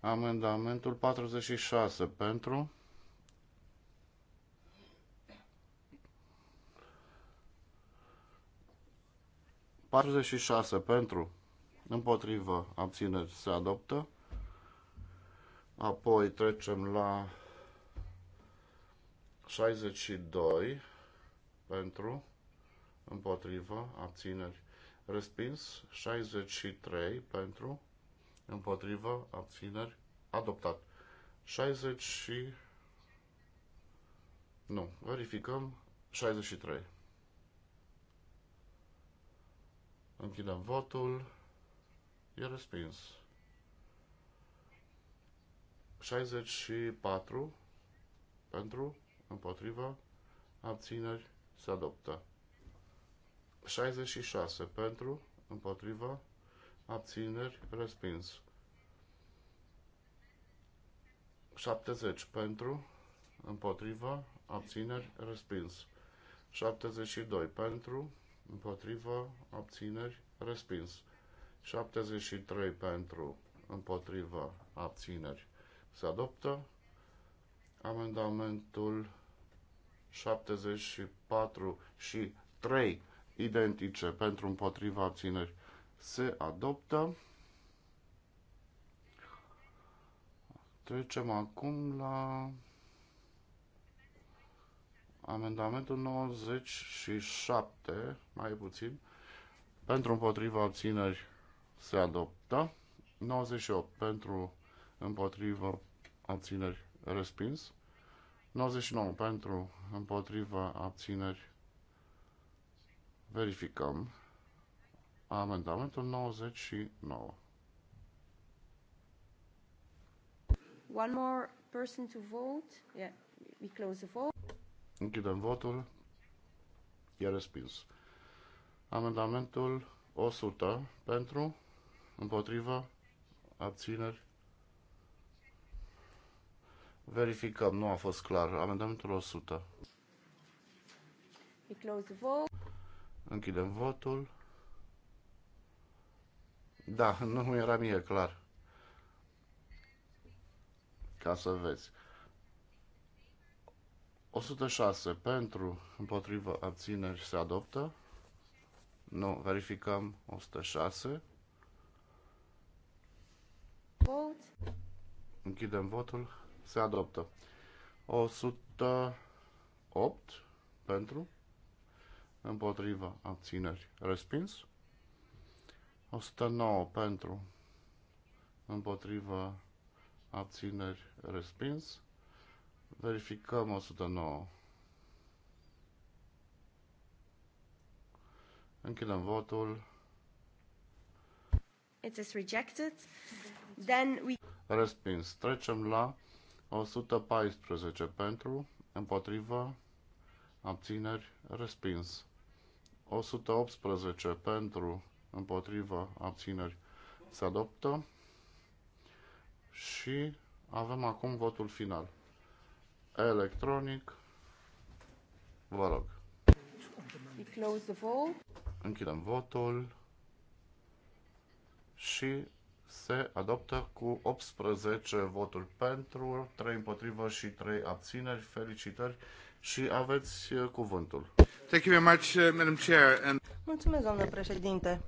Amendamentul 46 pentru 46 pentru, împotrivă, abțineri se adoptă. Apoi trecem la 62 pentru, împotrivă, abțineri respins. 63 pentru, împotrivă, abțineri adoptat. 60 și... Nu, verificăm 63. Închidem votul. E respins. 64 pentru, împotrivă, abțineri, se adoptă. 66 pentru, împotrivă, abțineri, respins. 70 pentru, împotrivă, abțineri, respins. 72 pentru, împotrivă, abțineri, respins. 73 pentru, împotrivă, abțineri. Se adoptă amendamentul 74 și 3 identice pentru împotriva abțineri se adoptă. Trecem acum la Amendamentul 97, mai puțin, pentru împotriva abțineri se adoptă. 98 pentru împotriva abțineri respins. 99 pentru împotriva abțineri verificăm amendamentul 99. One more person to vote. Yeah, we close the vote. Închidem votul. E respins. Amendamentul 100 pentru, împotriva, abțineri. Verificăm, nu a fost clar. Amendamentul 100. We close vote. Închidem votul. Da, nu era mie clar. Ca să vezi. 106 pentru, împotrivă, abțineri se adoptă. Nu, verificăm 106. Vot. Închidem votul. Se adoptă. 108 pentru, împotrivă, abțineri respins. 109 pentru, împotrivă, abțineri respins. Verificăm 109. Închidem votul. It is rejected. Then we... Respins. Trecem la 114 pentru, împotrivă, abțineri, respins. 118 pentru, împotrivă, abțineri, se adoptă. Și avem acum votul final electronic. Vă rog. Închidem votul și se adoptă cu 18 voturi pentru, 3 împotrivă și 3 abțineri. Felicitări și aveți cuvântul. Thank you very much, uh, Madam Chair. Mulțumesc, doamnă președinte.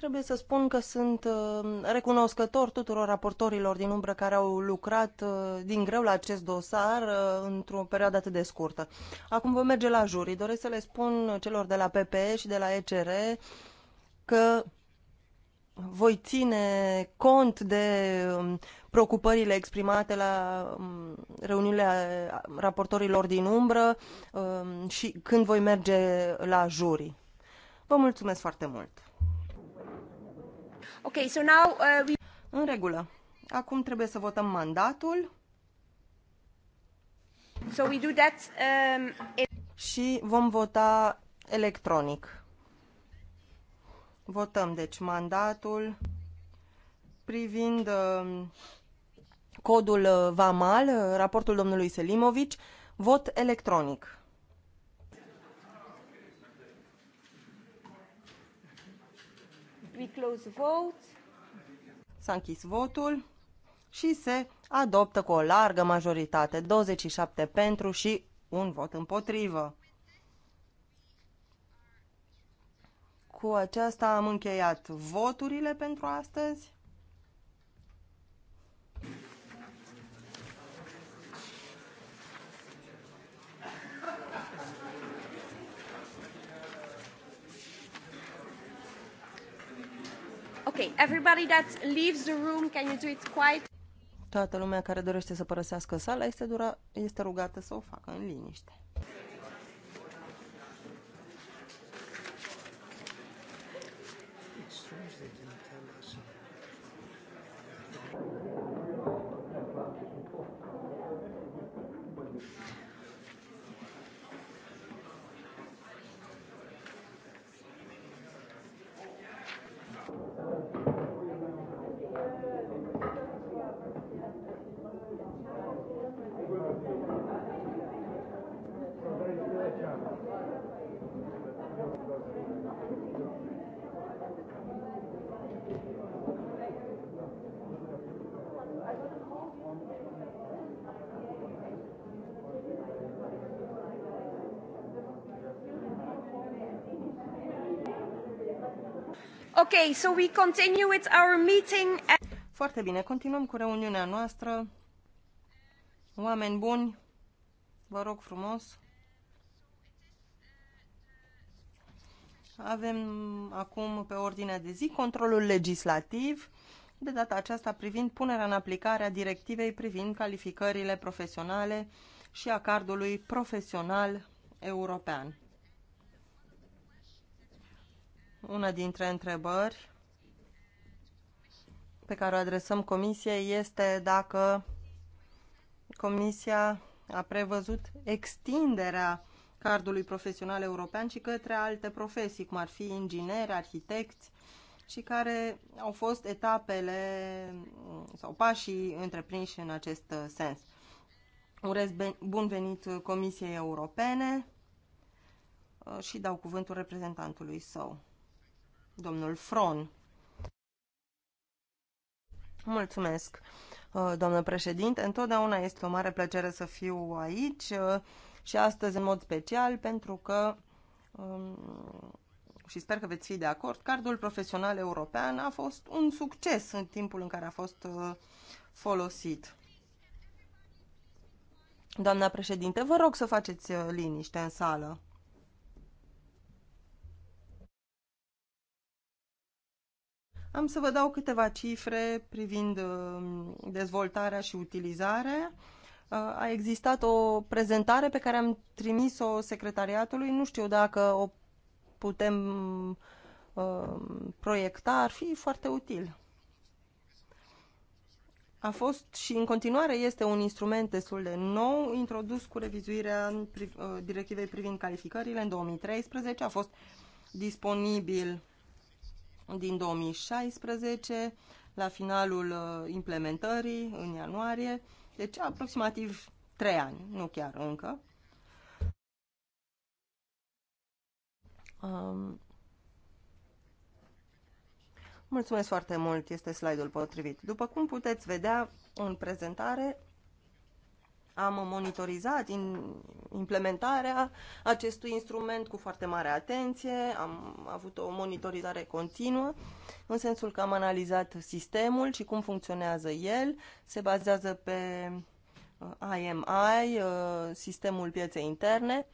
Trebuie să spun că sunt uh, recunoscător tuturor raportorilor din umbră care au lucrat uh, din greu la acest dosar uh, într-o perioadă atât de scurtă. Acum vom merge la jurii. Doresc să le spun celor de la PPE și de la ECR că voi ține cont de um, preocupările exprimate la um, reuniunile raportorilor din umbră um, și când voi merge la jurii. Vă mulțumesc foarte mult! Ok, so now uh, we... În regulă. Acum trebuie să votăm mandatul. So we do that, um, it... Și vom vota electronic. Votăm, deci, mandatul privind um, uh, codul VAMAL, uh, raportul domnului Selimovici, vot electronic. close vote. S-a închis votul și se adoptă cu o largă majoritate, 27 pentru și un vot împotrivă. Cu aceasta am încheiat voturile pentru astăzi. Okay, everybody that leaves the room, can you do it quiet? Toată lumea care dorește să părăsească sala este, dura, este rugată să o facă în liniște. so we continue with our meeting. Foarte bine, continuăm cu reuniunea noastră. Oameni buni, vă rog frumos. Avem acum pe ordinea de zi controlul legislativ, de data aceasta privind punerea în aplicare a directivei privind calificările profesionale și a cardului profesional european. Una dintre întrebări pe care o adresăm Comisiei este dacă Comisia a prevăzut extinderea cardului profesional european și către alte profesii, cum ar fi ingineri, arhitecți, și care au fost etapele sau pașii întreprinși în acest sens. Urez bun venit Comisiei Europene uh, și dau cuvântul reprezentantului său domnul Fron. Mulțumesc, uh, doamnă președinte. Întotdeauna este o mare plăcere să fiu aici uh, și astăzi în mod special pentru că um, și sper că veți fi de acord, cardul profesional european a fost un succes în timpul în care a fost uh, folosit. Doamna președinte, vă rog să faceți liniște în sală. Am să vă dau câteva cifre privind uh, dezvoltarea și utilizarea. Uh, a existat o prezentare pe care am trimis-o secretariatului. Nu știu dacă o putem uh, proiecta, ar fi foarte util. A fost și în continuare este un instrument destul de nou, introdus cu revizuirea directivei privind calificările în 2013. A fost disponibil din 2016, la finalul uh, implementării, în ianuarie, deci aproximativ 3 ani, nu chiar încă. Um, mulțumesc foarte mult, este slide-ul potrivit. După cum puteți vedea în prezentare, am monitorizat in, implementarea acestui instrument cu foarte mare atenție, am avut o monitorizare continuă, în sensul că am analizat sistemul și cum funcționează el, se bazează pe IMI, uh, uh, sistemul pieței interne.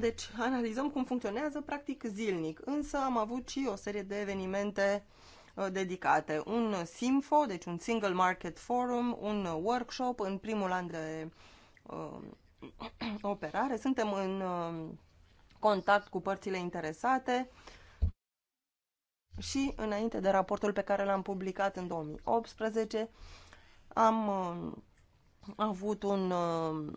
Deci analizăm cum funcționează practic zilnic, însă am avut și o serie de evenimente uh, Uh, dedicate. Un SIMFO, deci un Single Market Forum, un workshop în primul an de uh, operare. Suntem în uh, contact cu părțile interesate și înainte de raportul pe care l-am publicat în 2018 am uh, avut un uh,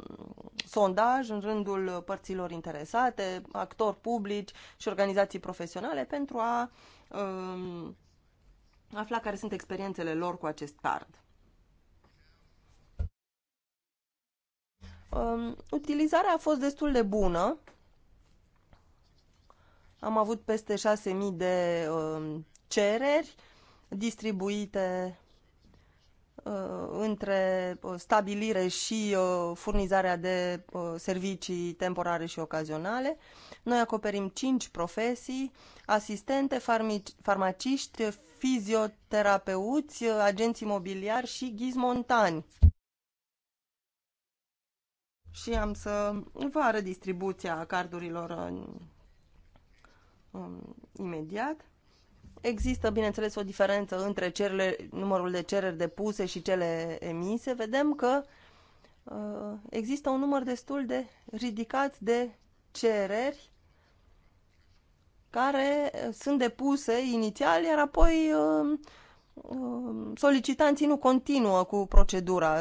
sondaj în rândul părților interesate, actori publici și organizații profesionale pentru a uh, afla care sunt experiențele lor cu acest card. Um, utilizarea a fost destul de bună. Am avut peste 6.000 de um, cereri distribuite uh, între uh, stabilire și uh, furnizarea de servicii temporare și ocazionale. Noi acoperim 5 profesii, asistente, farmaciști, fizioterapeuți, agenți imobiliari și ghizmontani. Și am să vă arăt distribuția cardurilor în, în, imediat. Există, bineînțeles, o diferență între cerele, numărul de cereri depuse și cele emise. Vedem că uh, există un număr destul de ridicat de cereri care uh, sunt depuse inițial, iar apoi uh, uh, solicitanții nu continuă cu procedura.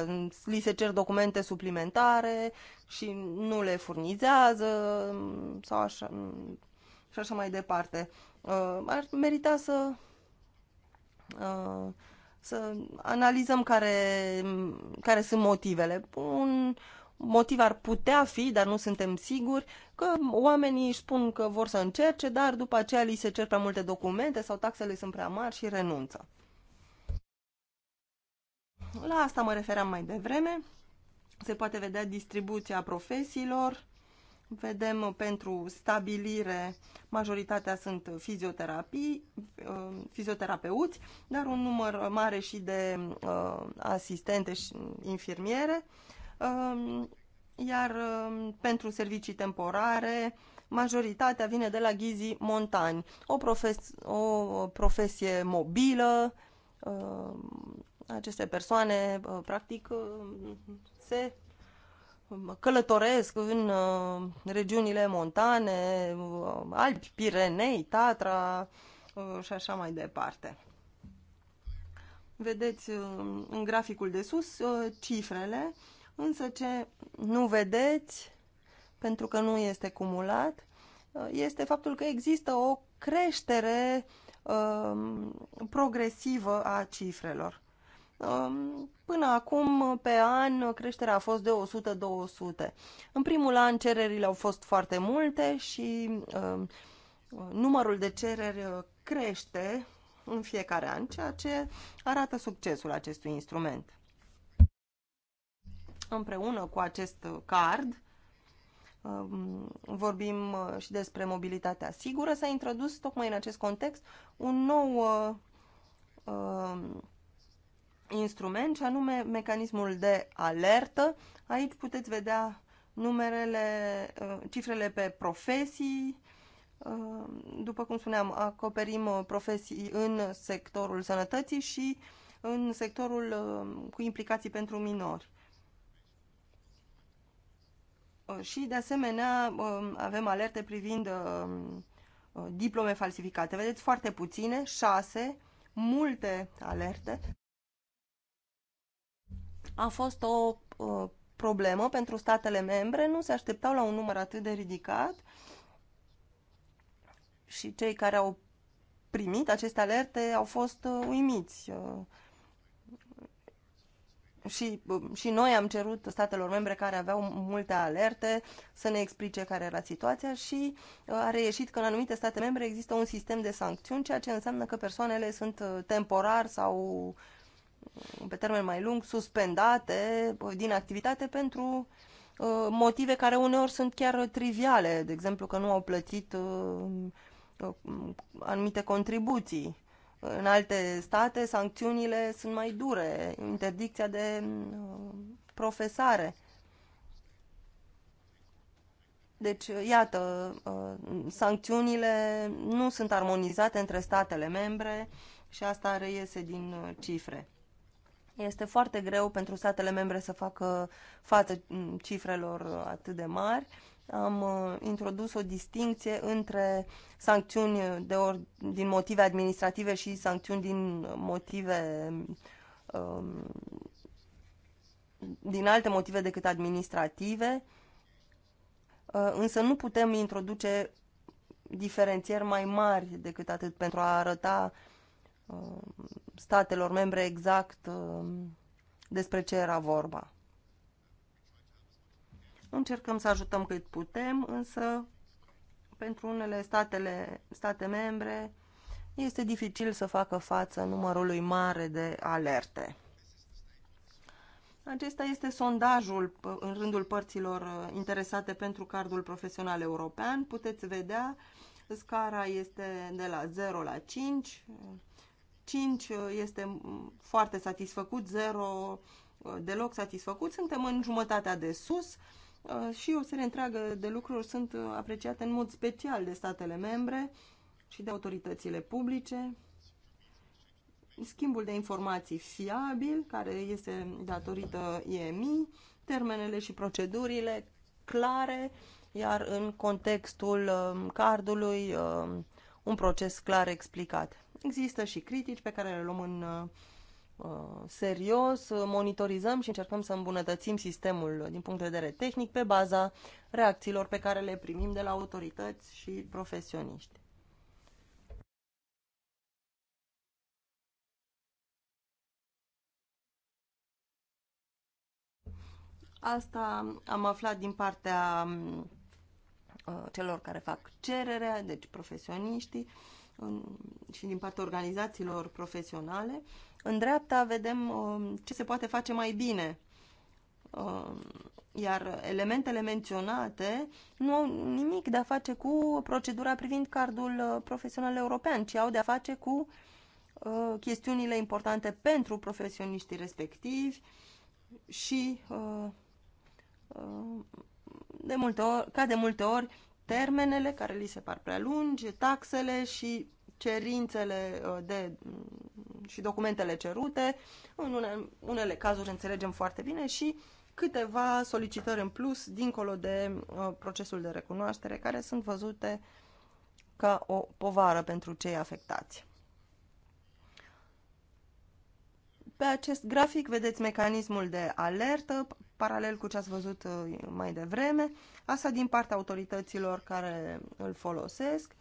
Li se cer documente suplimentare și nu le furnizează mm, sau așa, mm, și așa mai departe. Ar merita să să analizăm care, mm, care sunt motivele. Un, motiv ar putea fi, dar nu suntem siguri, că oamenii își spun că vor să încerce, dar după aceea li se cer prea multe documente sau taxele sunt prea mari și renunță. La asta mă referam mai devreme. Se poate vedea distribuția profesiilor. Vedem pentru stabilire, majoritatea sunt fizioterapii, uh, fizioterapeuți, dar un număr mare și de uh, asistente și infirmiere iar pentru servicii temporare, majoritatea vine de la ghizii montani, o, profes- o profesie mobilă. Aceste persoane, practic, se călătoresc în regiunile montane, Alpi, Pirenei, Tatra și așa mai departe. Vedeți în graficul de sus cifrele Însă ce nu vedeți, pentru că nu este cumulat, este faptul că există o creștere um, progresivă a cifrelor. Um, până acum, pe an, creșterea a fost de 100-200. În primul an, cererile au fost foarte multe și um, numărul de cereri crește în fiecare an, ceea ce arată succesul acestui instrument împreună cu acest card. Um, vorbim uh, și despre mobilitatea sigură. S-a introdus tocmai în acest context un nou uh, um, instrument, și anume mecanismul de alertă. Aici puteți vedea numerele, uh, cifrele pe profesii. Um, după cum spuneam, acoperim uh, profesii în sectorul sănătății și în sectorul cu implicații pentru minori. Uh, și, de asemenea, um, avem alerte privind um, uh, diplome falsificate. Vedeți, foarte puține, șase, multe alerte. A fost o uh, problemă pentru statele membre, nu se așteptau la un număr atât de ridicat și cei care au primit aceste alerte au fost uimiți și, um, și noi am cerut statelor membre care aveau multe alerte să ne explice care era situația și uh, a reieșit că în anumite state membre există un sistem de sancțiuni, ceea ce înseamnă că persoanele sunt uh, temporar sau uh, pe termen mai lung suspendate din activitate pentru motive care uneori sunt chiar triviale, de exemplu că nu au plătit anumite contribuții în alte state, sancțiunile sunt mai dure, interdicția de uh, profesare. Deci, iată, uh, sancțiunile nu sunt armonizate între statele membre și asta reiese din uh, cifre. Este foarte greu pentru statele membre să facă față mm, cifrelor atât de mari am uh, introdus o distinție între sancțiuni de or- din motive administrative și sancțiuni din motive um, din alte motive decât administrative, uh, însă nu putem introduce diferențieri mai mari decât atât pentru a arăta um, statelor membre exact um, despre ce era vorba. Încercăm să ajutăm cât putem, însă pentru unele statele, state membre este dificil să facă față numărului mare de alerte. Acesta este sondajul în rândul părților uh, interesate pentru cardul profesional european. Puteți vedea, scara este de la 0 la 5. 5 uh, este foarte satisfăcut, 0 uh, deloc satisfăcut. Suntem în jumătatea de sus. Uh, și o serie întreagă de lucruri sunt uh, apreciate în mod special de statele membre și de autoritățile publice. Schimbul de informații fiabil, care este datorită EMI, termenele și procedurile clare, iar în contextul um, cardului um, un proces clar explicat. Există și critici pe care le luăm în uh, Uh, serios, uh, monitorizăm și încercăm să îmbunătățim sistemul din punct de vedere tehnic pe baza reacțiilor pe care le primim de la autorități și profesioniști. Asta am aflat din partea mm, uh, celor care fac cererea, deci profesioniștii, în, și din partea organizațiilor profesionale. În dreapta vedem uh, ce se poate face mai bine. Uh, iar elementele menționate nu au nimic de a face cu procedura privind cardul uh, profesional european, ci au de a face cu chestiunile importante pentru profesioniștii respectivi și de multe ori, ca de multe ori termenele care li se par prea lungi, taxele și cerințele uh, de, mm, și documentele cerute. În une, unele cazuri înțelegem foarte bine și câteva solicitări în plus dincolo de uh, procesul de recunoaștere care sunt văzute ca o povară pentru cei afectați. Pe acest grafic vedeți mecanismul de alertă paralel cu ce ați văzut uh, mai devreme, asta din partea autorităților care îl folosesc.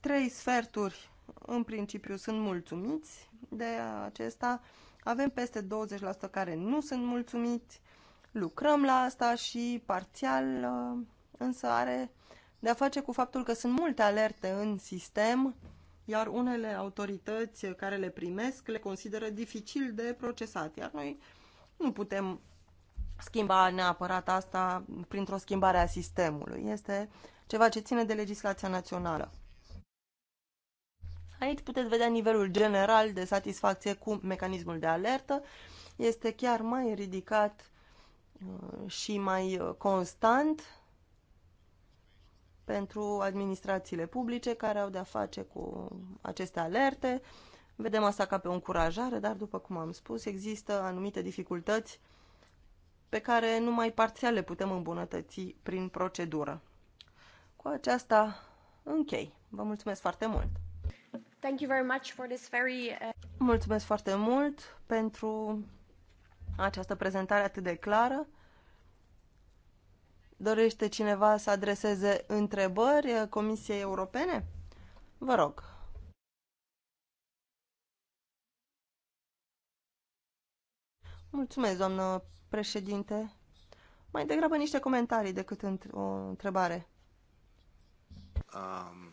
Trei sferturi, în principiu, sunt mulțumiți de acesta. Avem peste 20% care nu sunt mulțumiți, lucrăm la asta și parțial uh, însă are de a face cu faptul că sunt multe alerte în sistem, iar unele autorități care le primesc le consideră dificil de procesat, iar noi nu putem schimba neapărat asta printr-o schimbare a sistemului. Este ceva ce ține de legislația națională. Aici puteți vedea nivelul general de satisfacție cu mecanismul de alertă. Este chiar mai ridicat uh, și mai uh, constant pentru administrațiile publice care au de-a face cu aceste alerte. Vedem asta ca pe o încurajare, dar după cum am spus, există anumite dificultăți pe care numai parțial le putem îmbunătăți prin procedură. Cu aceasta închei. Vă mulțumesc foarte mult! Thank you very much for this very, uh... Mulțumesc foarte mult pentru această prezentare atât de clară. Dorește cineva să adreseze întrebări Comisiei Europene? Vă rog. Mulțumesc, doamnă președinte. Mai degrabă niște comentarii decât o întrebare. Um...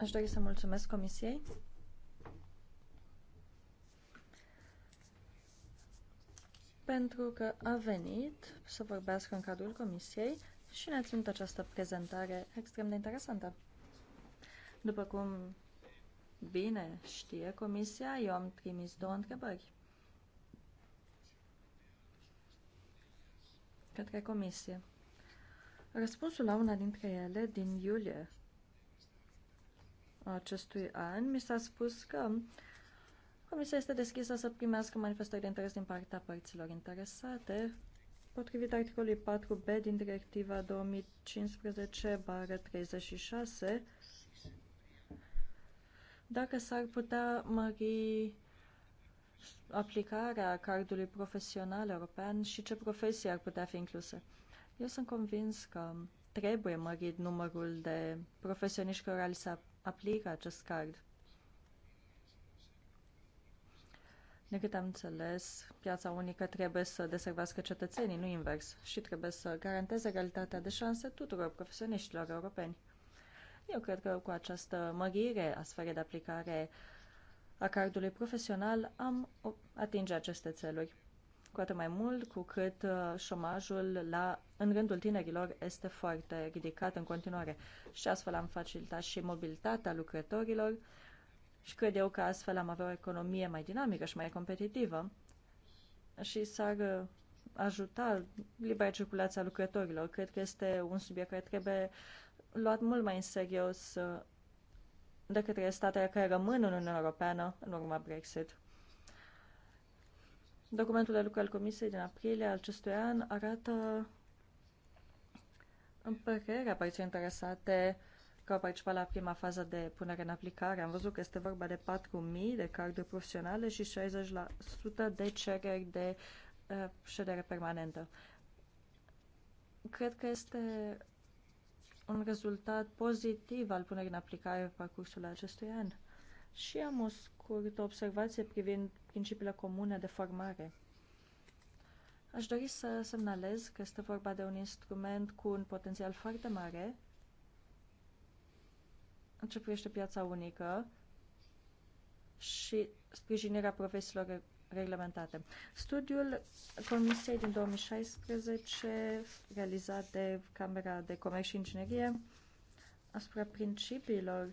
Aș dori să mulțumesc Comisiei. pentru că a venit să vorbească în cadrul comisiei și ne-a ținut această prezentare extrem de interesantă. După cum bine știe comisia, eu am trimis două întrebări. către Comisie. Răspunsul la una dintre ele, din iulie acestui an, mi s-a spus că Comisia este deschisă să primească manifestări de interes din partea părților interesate, potrivit articolului 4b din Directiva 2015-36, dacă s-ar putea mări aplicarea cardului profesional european și ce profesii ar putea fi incluse. Eu sunt convins că trebuie mărit numărul de profesioniști care li se aplică acest card. De cât am înțeles, piața unică trebuie să deservească cetățenii, nu invers, și trebuie să garanteze egalitatea de șanse tuturor profesioniștilor europeni. Eu cred că cu această mărire a sferei de aplicare a cardului profesional am atinge aceste țeluri. Cu atât mai mult cu cât uh, șomajul la, în rândul tinerilor este foarte ridicat în continuare și astfel am facilitat și mobilitatea lucrătorilor și cred eu că astfel am avea o economie mai dinamică și mai competitivă și s-ar uh, ajuta libera circulație a lucrătorilor. Cred că este un subiect care trebuie luat mult mai în serios uh, de către statele care rămân în Uniunea Europeană în urma Brexit. Documentul de lucru al Comisiei din aprilie al acestui an arată în părerea părții interesate că au participat la prima fază de punere în aplicare. Am văzut că este vorba de 4.000 de carduri profesionale și 60% de cereri de uh, ședere permanentă. Cred că este un rezultat pozitiv al punerii în aplicare pe parcursul acestui an. Și am o scurtă observație privind principiile comune de formare. Aș dori să semnalez că este vorba de un instrument cu un potențial foarte mare în ce privește piața unică și sprijinirea profesiilor reglementate. Studiul Comisiei din 2016, realizat de Camera de Comerț și Inginerie, asupra principiilor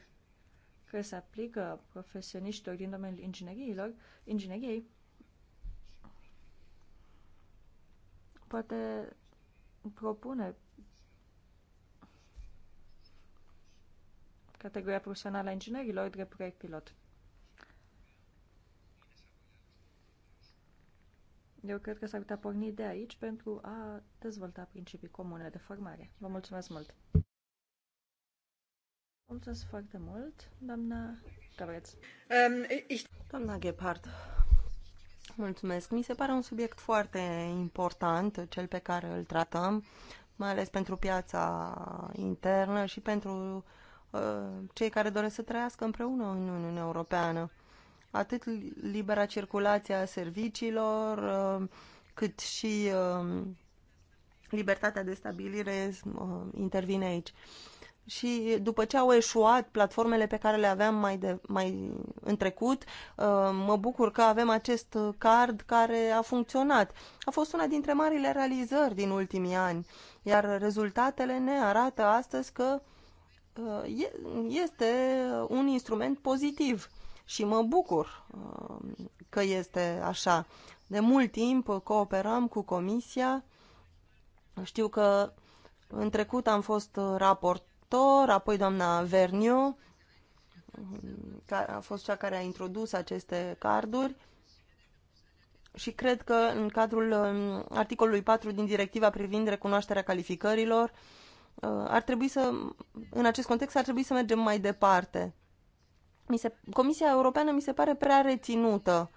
care se aplică profesioniștilor din domeniul ingineriilor, ingineriei, poate propune categoria profesională a inginerilor drept proiect pilot. Eu cred că s-ar putea porni de aici pentru a dezvolta principii comune de formare. Vă mulțumesc mult! Mulțumesc foarte mult, doamna Cavreț. Doamna Gepard. mulțumesc. Mi se pare un subiect foarte important, cel pe care îl tratăm, mai ales pentru piața internă și pentru uh, cei care doresc să trăiască împreună în Uniunea Europeană atât libera circulație a serviciilor, uh, cât și uh, libertatea de stabilire uh, intervine aici. Și după ce au eșuat platformele pe care le aveam mai, de, mai în trecut, mă bucur că avem acest card care a funcționat. A fost una dintre marile realizări din ultimii ani, iar rezultatele ne arată astăzi că este un instrument pozitiv și mă bucur um, că este așa. De mult timp cooperam cu Comisia. Știu că în trecut am fost raportor, apoi doamna Verniu, care a fost cea care a introdus aceste carduri și cred că în cadrul um, articolului 4 din directiva privind recunoașterea calificărilor uh, ar trebui să, în acest context, ar trebui să mergem mai departe mi se, Comisia Europeană mi se pare prea reținută,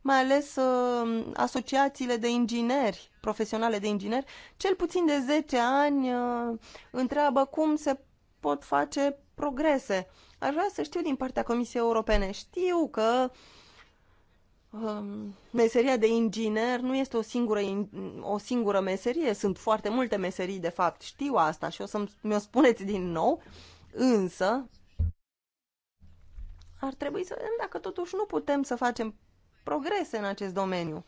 mai ales uh, asociațiile de ingineri, profesionale de ingineri, cel puțin de 10 ani uh, întreabă cum se pot face progrese. Aș vrea să știu din partea Comisiei Europene. Știu că um, meseria de inginer nu este o singură, o singură meserie, sunt foarte multe meserii de fapt, știu asta și o să mi-o spuneți din nou, însă ar trebui să vedem dacă totuși nu putem să facem progrese în acest domeniu.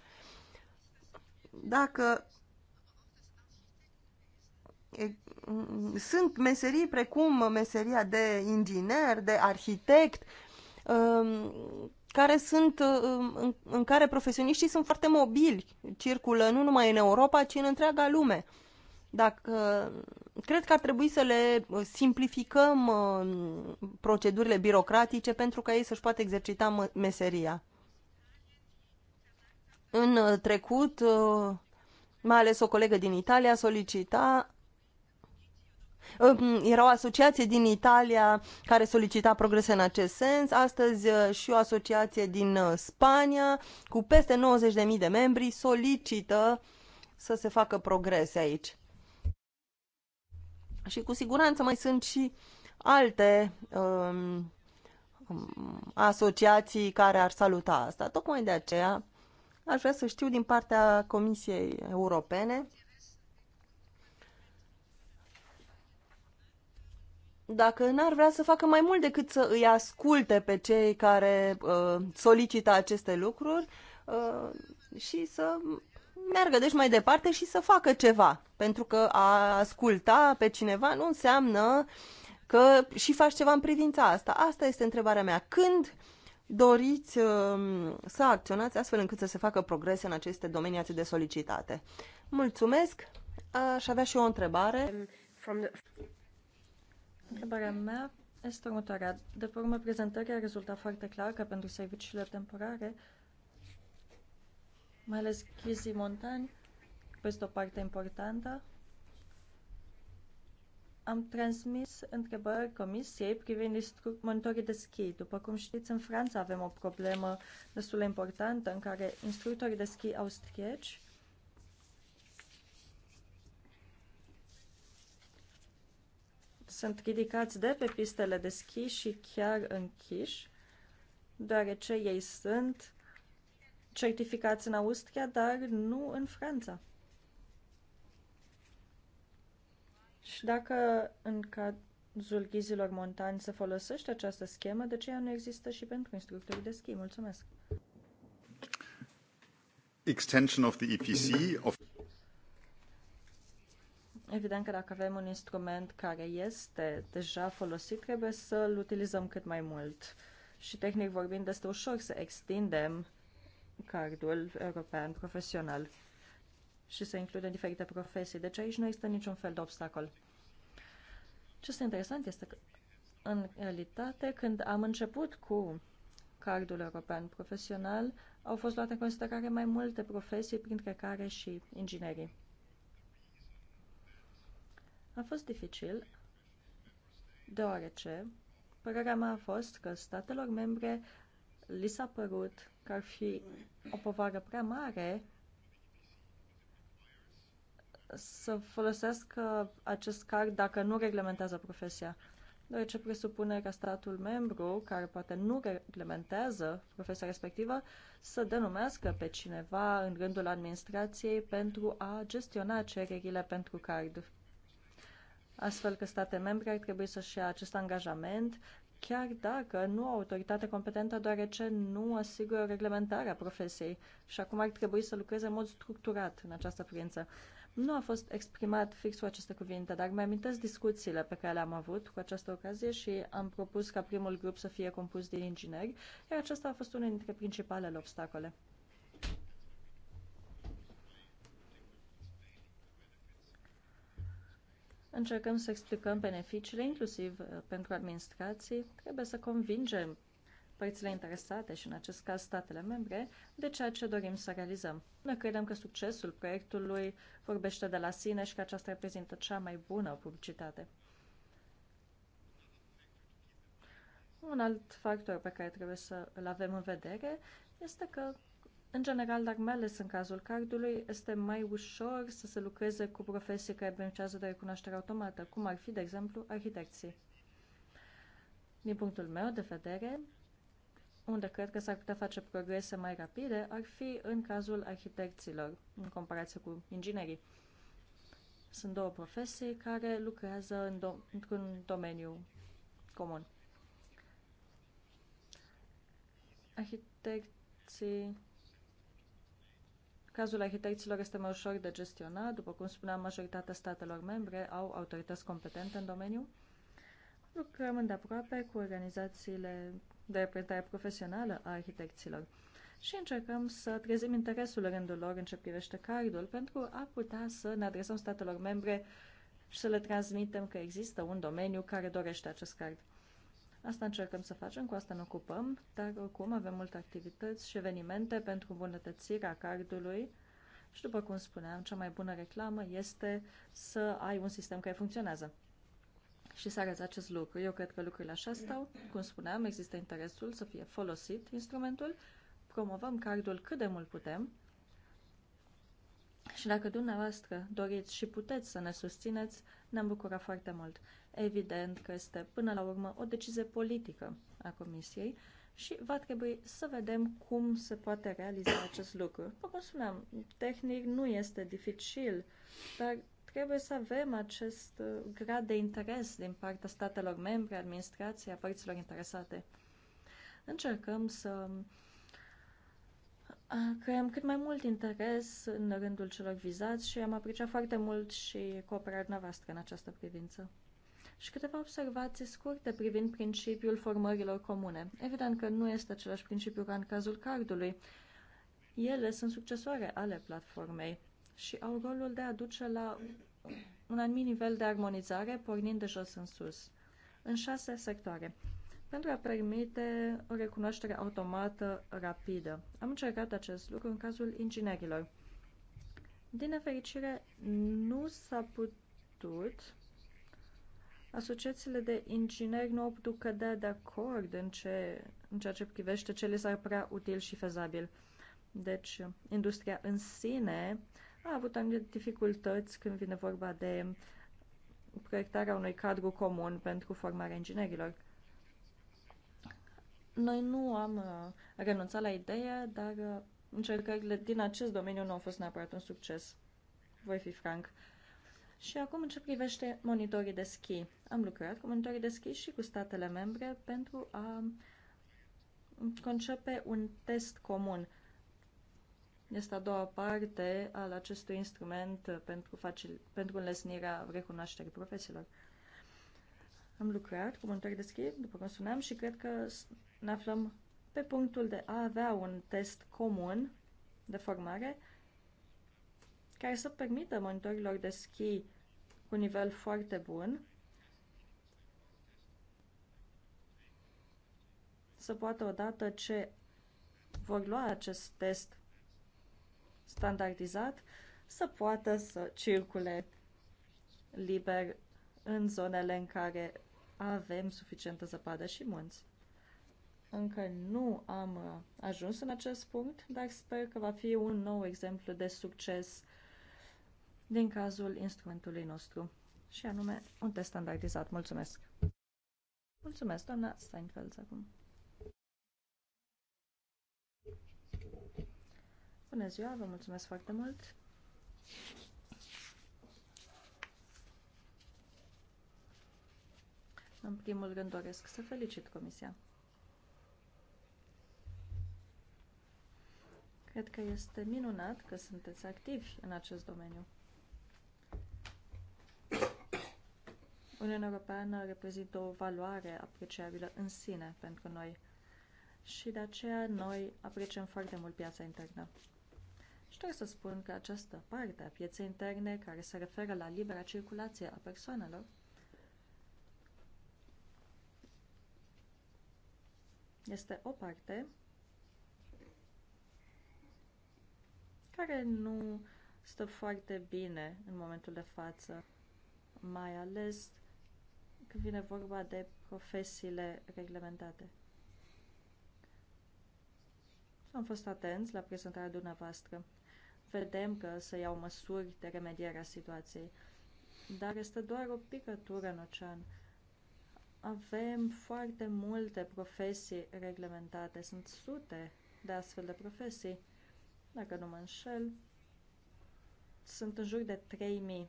Dacă sunt meserii precum meseria de inginer, de arhitect, um, care sunt, um, în care profesioniștii sunt foarte mobili, circulă nu numai în Europa, ci în întreaga lume. Dacă cred că ar trebui să le uh, simplificăm uh, procedurile birocratice pentru ca ei să-și poată exercita meseria. În uh, trecut, mai ales o colegă din Italia solicita era o asociație din Italia care solicita progrese în acest sens, astăzi și o asociație din Spania cu peste 90.000 de membri solicită să se facă progrese aici. Și cu siguranță mai sunt și alte um, um, asociații care ar saluta asta. Tocmai de aceea aș vrea să știu din partea Comisiei Europene dacă n-ar vrea să facă mai mult decât să îi asculte pe cei care uh, solicită aceste lucruri uh, și să meargă deci mai departe și să facă ceva. Pentru că a asculta pe cineva nu înseamnă că și faci ceva în privința asta. Asta este întrebarea mea. Când doriți um, să acționați astfel încât să se facă progrese în aceste domenii atât de solicitate? Mulțumesc! Aș avea și eu o întrebare. Um, întrebarea mea este următoarea. De urmă prezentării a rezultat foarte clar că pentru serviciile temporare mai ales Chizii Montani, peste o parte importantă. Am transmis întrebări comisiei privind instructorii de schi. După cum știți, în Franța avem o problemă destul de importantă în care instructorii de schi austrieci sunt ridicați de pe pistele de schi și chiar închiși, deoarece ei sunt certificați în Austria, dar nu în Franța. Și dacă în cazul ghizilor montani se folosește această schemă, de ce ea nu există și pentru instructorii de schi? Mulțumesc! Extension of the EPC of Evident că dacă avem un instrument care este deja folosit, trebuie să-l utilizăm cât mai mult. Și tehnic vorbind, este ușor să extindem cardul european profesional și să includă diferite profesii. Deci aici nu există niciun fel de obstacol. Ce este interesant este că, în realitate, când am început cu cardul european profesional, au fost luate în considerare mai multe profesii, printre care și inginerii. A fost dificil, deoarece părerea mea a fost că statelor membre li s-a părut că ar fi o povară prea mare să folosesc acest card dacă nu reglementează profesia. Deoarece presupune ca statul membru, care poate nu reglementează profesia respectivă, să denumească pe cineva în rândul administrației pentru a gestiona cererile pentru card astfel că state membre ar trebui să-și ia acest angajament chiar dacă nu au autoritate competentă, deoarece nu asigură reglementarea profesiei și acum ar trebui să lucreze în mod structurat în această privință. Nu a fost exprimat fix cu aceste cuvinte, dar mi-amintesc discuțiile pe care le-am avut cu această ocazie și am propus ca primul grup să fie compus din ingineri, iar acesta a fost unul dintre principalele obstacole. încercăm să explicăm beneficiile, inclusiv uh, pentru administrații. Trebuie să convingem părțile interesate și, în acest caz, statele membre, de ceea ce dorim să realizăm. Noi credem că succesul proiectului vorbește de la sine și că aceasta reprezintă cea mai bună publicitate. Un alt factor pe care trebuie să îl avem în vedere este că în general, dar mai ales în cazul cardului, este mai ușor să se lucreze cu profesii care beneficiază de recunoaștere automată, cum ar fi, de exemplu, arhitecții. Din punctul meu de vedere, unde cred că s-ar putea face progrese mai rapide ar fi în cazul arhitecților, în comparație cu inginerii. Sunt două profesii care lucrează în do- într-un domeniu comun. Arhitecții Cazul arhitecților este mai ușor de gestionat, după cum spuneam, majoritatea statelor membre au autorități competente în domeniu. Lucrăm îndeaproape cu organizațiile de reprezentare profesională a arhitecților și încercăm să trezim interesul rândul lor în ce privește cardul pentru a putea să ne adresăm statelor membre și să le transmitem că există un domeniu care dorește acest card. Asta încercăm să facem, cu asta ne ocupăm, dar oricum avem multe activități și evenimente pentru îmbunătățirea cardului și, după cum spuneam, cea mai bună reclamă este să ai un sistem care funcționează și să arăți acest lucru. Eu cred că lucrurile așa stau. Cum spuneam, există interesul să fie folosit instrumentul, promovăm cardul cât de mult putem și dacă dumneavoastră doriți și puteți să ne susțineți, ne-am bucurat foarte mult. Evident că este până la urmă o decizie politică a Comisiei și va trebui să vedem cum se poate realiza acest lucru. După cum spuneam, tehnic nu este dificil, dar trebuie să avem acest uh, grad de interes din partea statelor membre, administrației, a părților interesate. Încercăm să uh, creăm cât mai mult interes în rândul celor vizați și am apreciat foarte mult și cooperarea noastră în această privință. Și câteva observații scurte privind principiul formărilor comune. Evident că nu este același principiu ca în cazul cardului. Ele sunt succesoare ale platformei și au rolul de a duce la un anumit nivel de armonizare pornind de jos în sus, în șase sectoare pentru a permite o recunoaștere automată rapidă. Am încercat acest lucru în cazul inginerilor. Din nefericire, nu s-a putut. Asociațiile de ingineri nu au putut cădea de acord în, ce, în ceea ce privește ce le s-ar prea util și fezabil. Deci, industria în sine a avut anumite dificultăți când vine vorba de proiectarea unui cadru comun pentru formarea inginerilor. Noi nu am uh, renunțat la idee, dar uh, încercările din acest domeniu nu au fost neapărat un succes. Voi fi franc. Și acum, în ce privește monitorii de schi, am lucrat cu monitorii de schi și cu statele membre pentru a concepe un test comun. Este a doua parte al acestui instrument pentru, facil, pentru înlesnirea recunoașterii profesiilor. Am lucrat cu monitorii de schi, după cum spuneam, și cred că ne aflăm pe punctul de a avea un test comun de formare care să permită monitorilor de schi cu nivel foarte bun să poată odată ce vor lua acest test standardizat să poată să circule liber în zonele în care avem suficientă zăpadă și munți. Încă nu am uh, ajuns în acest punct, dar sper că va fi un nou exemplu de succes din cazul instrumentului nostru, și anume un test standardizat. Mulțumesc! Mulțumesc, doamna Steinfeld, acum. Bună ziua, vă mulțumesc foarte mult! În primul rând doresc să felicit Comisia. Cred că este minunat că sunteți activi în acest domeniu. Uniunea Europeană reprezintă o valoare apreciabilă în sine pentru noi și de aceea noi apreciem foarte mult piața internă. Și trebuie să spun că această parte a pieței interne care se referă la libera circulație a persoanelor este o parte care nu stă foarte bine în momentul de față, mai ales când vine vorba de profesiile reglementate. Am fost atenți la prezentarea dumneavoastră. Vedem că se iau măsuri de remediere a situației, dar este doar o picătură în ocean. Avem foarte multe profesii reglementate, sunt sute de astfel de profesii dacă nu mă înșel, sunt în jur de 3000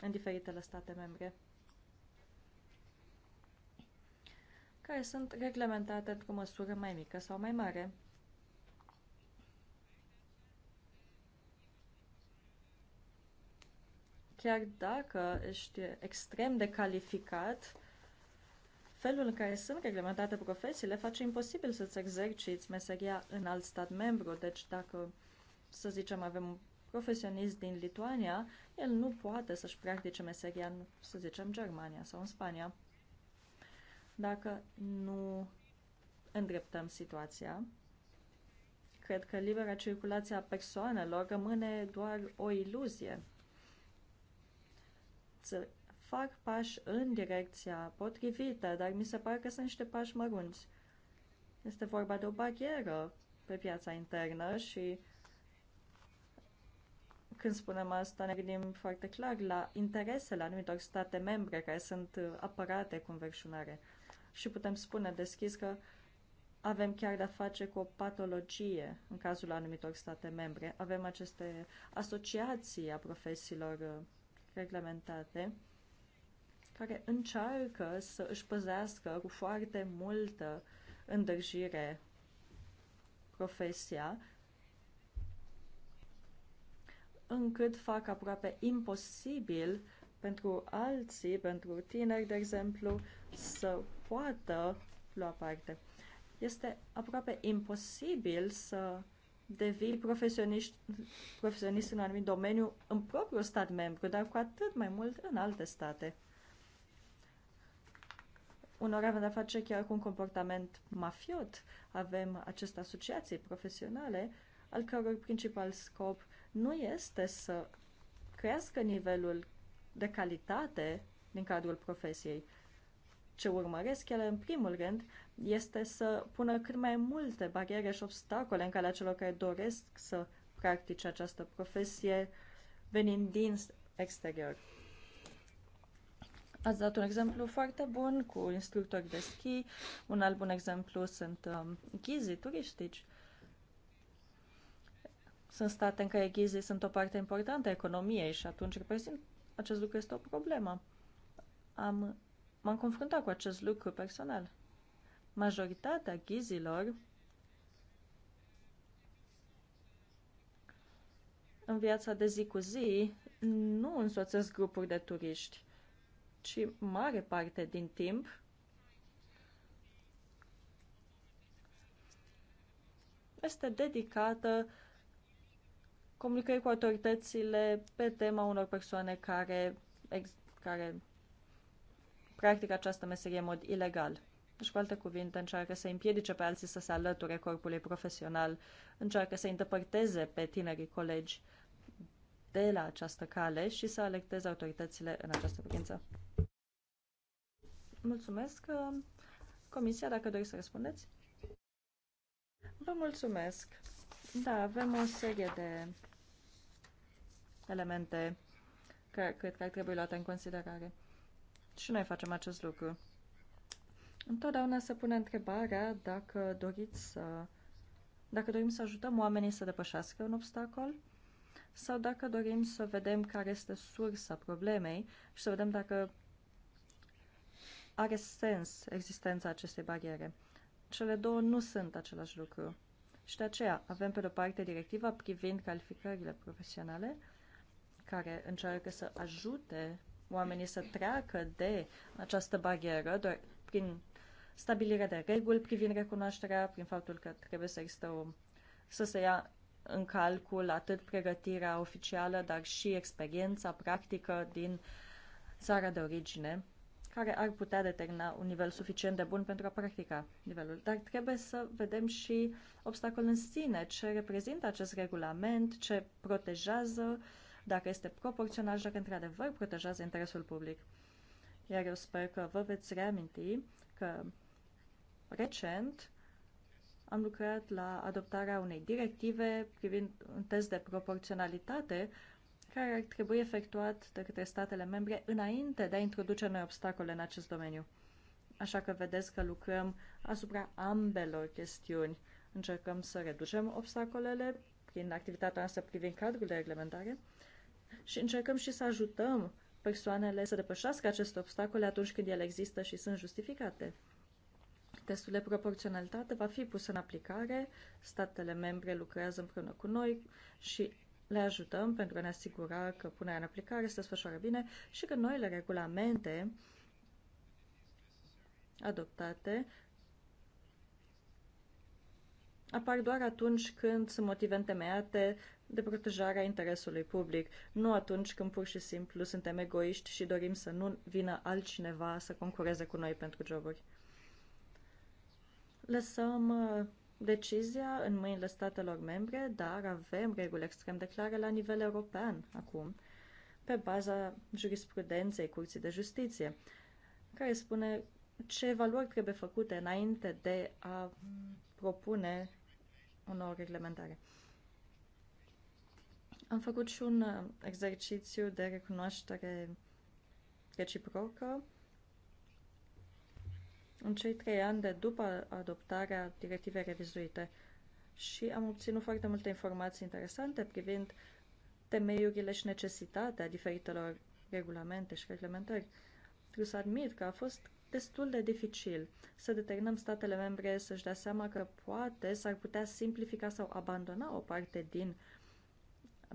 în diferitele state membre, care sunt reglementate într-o măsură mai mică sau mai mare. Chiar dacă ești extrem de calificat, Felul în care sunt reglementate profesiile face imposibil să-ți exerciți meseria în alt stat membru. Deci dacă, să zicem, avem un profesionist din Lituania, el nu poate să-și practice meseria în, să zicem, Germania sau în Spania. Dacă nu îndreptăm situația, cred că libera circulație a persoanelor rămâne doar o iluzie fac pași în direcția potrivită, dar mi se pare că sunt niște pași mărunți. Este vorba de o barieră pe piața internă și când spunem asta ne gândim foarte clar la interesele anumitor state membre care sunt apărate cu înverșunare. Și putem spune deschis că avem chiar de-a face cu o patologie în cazul anumitor state membre. Avem aceste asociații a profesiilor uh, reglementate care încearcă să își păzească cu foarte multă îndrăjire profesia, încât fac aproape imposibil pentru alții, pentru tineri, de exemplu, să poată lua parte. Este aproape imposibil să devii profesionist, profesionist în un anumit domeniu în propriul stat membru, dar cu atât mai mult în alte state unor avem de-a face chiar cu un comportament mafiot. Avem aceste asociații profesionale al căror principal scop nu este să crească nivelul de calitate din cadrul profesiei. Ce urmăresc ele, în primul rând, este să pună cât mai multe bariere și obstacole în calea celor care doresc să practice această profesie venind din exterior. Ați dat un exemplu foarte bun cu instructori de schi, un alt bun exemplu sunt um, ghizii turistici. Sunt state în care ghizii sunt o parte importantă a economiei și atunci reprezint acest lucru este o problemă. Am, m-am confruntat cu acest lucru personal. Majoritatea ghizilor în viața de zi cu zi nu însoțesc grupuri de turiști ci mare parte din timp este dedicată comunicării cu autoritățile pe tema unor persoane care, ex, care practică această meserie în mod ilegal. Deci, cu alte cuvinte, încearcă să împiedice pe alții să se alăture corpului profesional, încearcă să îndepărteze pe tinerii colegi de la această cale și să alecteze autoritățile în această privință. Mulțumesc. Uh, Comisia, dacă doriți să răspundeți. Vă mulțumesc. Da, avem o serie de elemente care cred că ar trebui luate în considerare. Și noi facem acest lucru. Întotdeauna se pune întrebarea dacă doriți să dacă dorim să ajutăm oamenii să depășească un obstacol sau dacă dorim să vedem care este sursa problemei și să vedem dacă are sens existența acestei bariere. Cele două nu sunt același lucru. Și de aceea avem pe de-o parte directiva privind calificările profesionale, care încearcă să ajute oamenii să treacă de această barieră doar prin stabilirea de reguli privind recunoașterea, prin faptul că trebuie să există o, să se ia în calcul atât pregătirea oficială, dar și experiența practică din țara de origine care ar putea determina un nivel suficient de bun pentru a practica nivelul. Dar trebuie să vedem și obstacolul în sine, ce reprezintă acest regulament, ce protejează, dacă este proporțional și dacă într-adevăr protejează interesul public. Iar eu sper că vă veți reaminti că recent am lucrat la adoptarea unei directive privind un test de proporționalitate care ar trebui efectuat de către statele membre înainte de a introduce noi obstacole în acest domeniu. Așa că vedeți că lucrăm asupra ambelor chestiuni. Încercăm să reducem obstacolele prin activitatea noastră privind cadrul de reglementare și încercăm și să ajutăm persoanele să depășească aceste obstacole atunci când ele există și sunt justificate. Testul de proporționalitate va fi pus în aplicare, statele membre lucrează împreună cu noi și le ajutăm pentru a ne asigura că punerea în aplicare se desfășoară bine și că noile regulamente adoptate apar doar atunci când sunt motive întemeiate de protejarea interesului public, nu atunci când pur și simplu suntem egoiști și dorim să nu vină altcineva să concureze cu noi pentru joburi. Lăsăm uh, decizia în mâinile statelor membre, dar avem reguli extrem de clare la nivel european acum, pe baza jurisprudenței Curții de Justiție, care spune ce valori trebuie făcute înainte de a propune o nouă reglementare. Am făcut și un uh, exercițiu de recunoaștere reciprocă în cei trei ani de după adoptarea directivei revizuite și am obținut foarte multe informații interesante privind temeiurile și necesitatea diferitelor regulamente și reglementări. Trebuie să admit că a fost destul de dificil să determinăm statele membre să-și dea seama că poate s-ar putea simplifica sau abandona o parte din uh,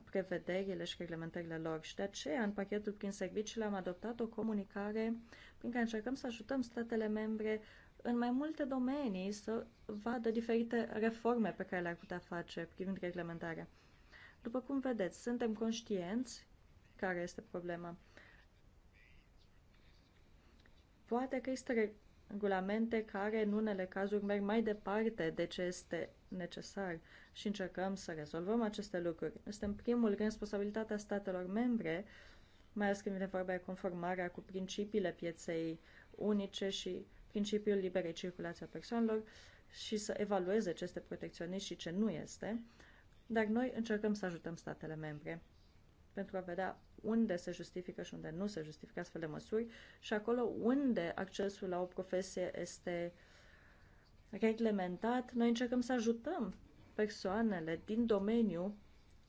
prevederile și reglementările lor și de aceea în pachetul prin serviciile am adoptat o comunicare prin care încercăm să ajutăm statele membre în mai multe domenii să vadă diferite reforme pe care le-ar putea face privind reglementarea. După cum vedeți, suntem conștienți care este problema. Poate că este regulamente care în unele cazuri merg mai departe de ce este necesar și încercăm să rezolvăm aceste lucruri. Este în primul rând responsabilitatea statelor membre, mai ales când vine vorba de conformarea cu principiile pieței unice și principiul liberei circulații a persoanelor și să evalueze ce este protecționist și ce nu este, dar noi încercăm să ajutăm statele membre pentru a vedea unde se justifică și unde nu se justifică astfel de măsuri și acolo unde accesul la o profesie este reglementat, noi încercăm să ajutăm persoanele din domeniu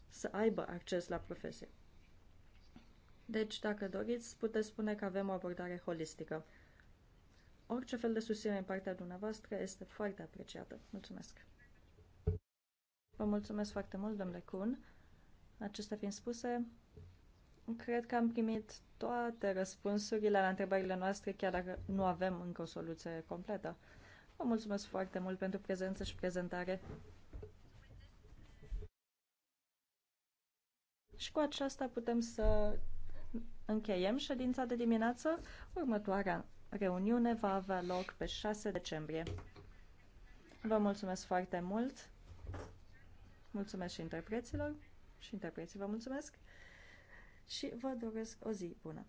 să aibă acces la profesie. Deci, dacă doriți, puteți spune că avem o abordare holistică. Orice fel de susținere în partea dumneavoastră este foarte apreciată. Mulțumesc! Vă mulțumesc foarte mult, domnule Kuhn. Acestea fiind spuse, cred că am primit toate răspunsurile la întrebările noastre, chiar dacă nu avem încă o soluție completă. Vă mulțumesc foarte mult pentru prezență și prezentare. Și cu aceasta putem să încheiem ședința de dimineață. Următoarea reuniune va avea loc pe 6 decembrie. Vă mulțumesc foarte mult. Mulțumesc și interpreților și interpreții. Vă mulțumesc și vă doresc o zi bună!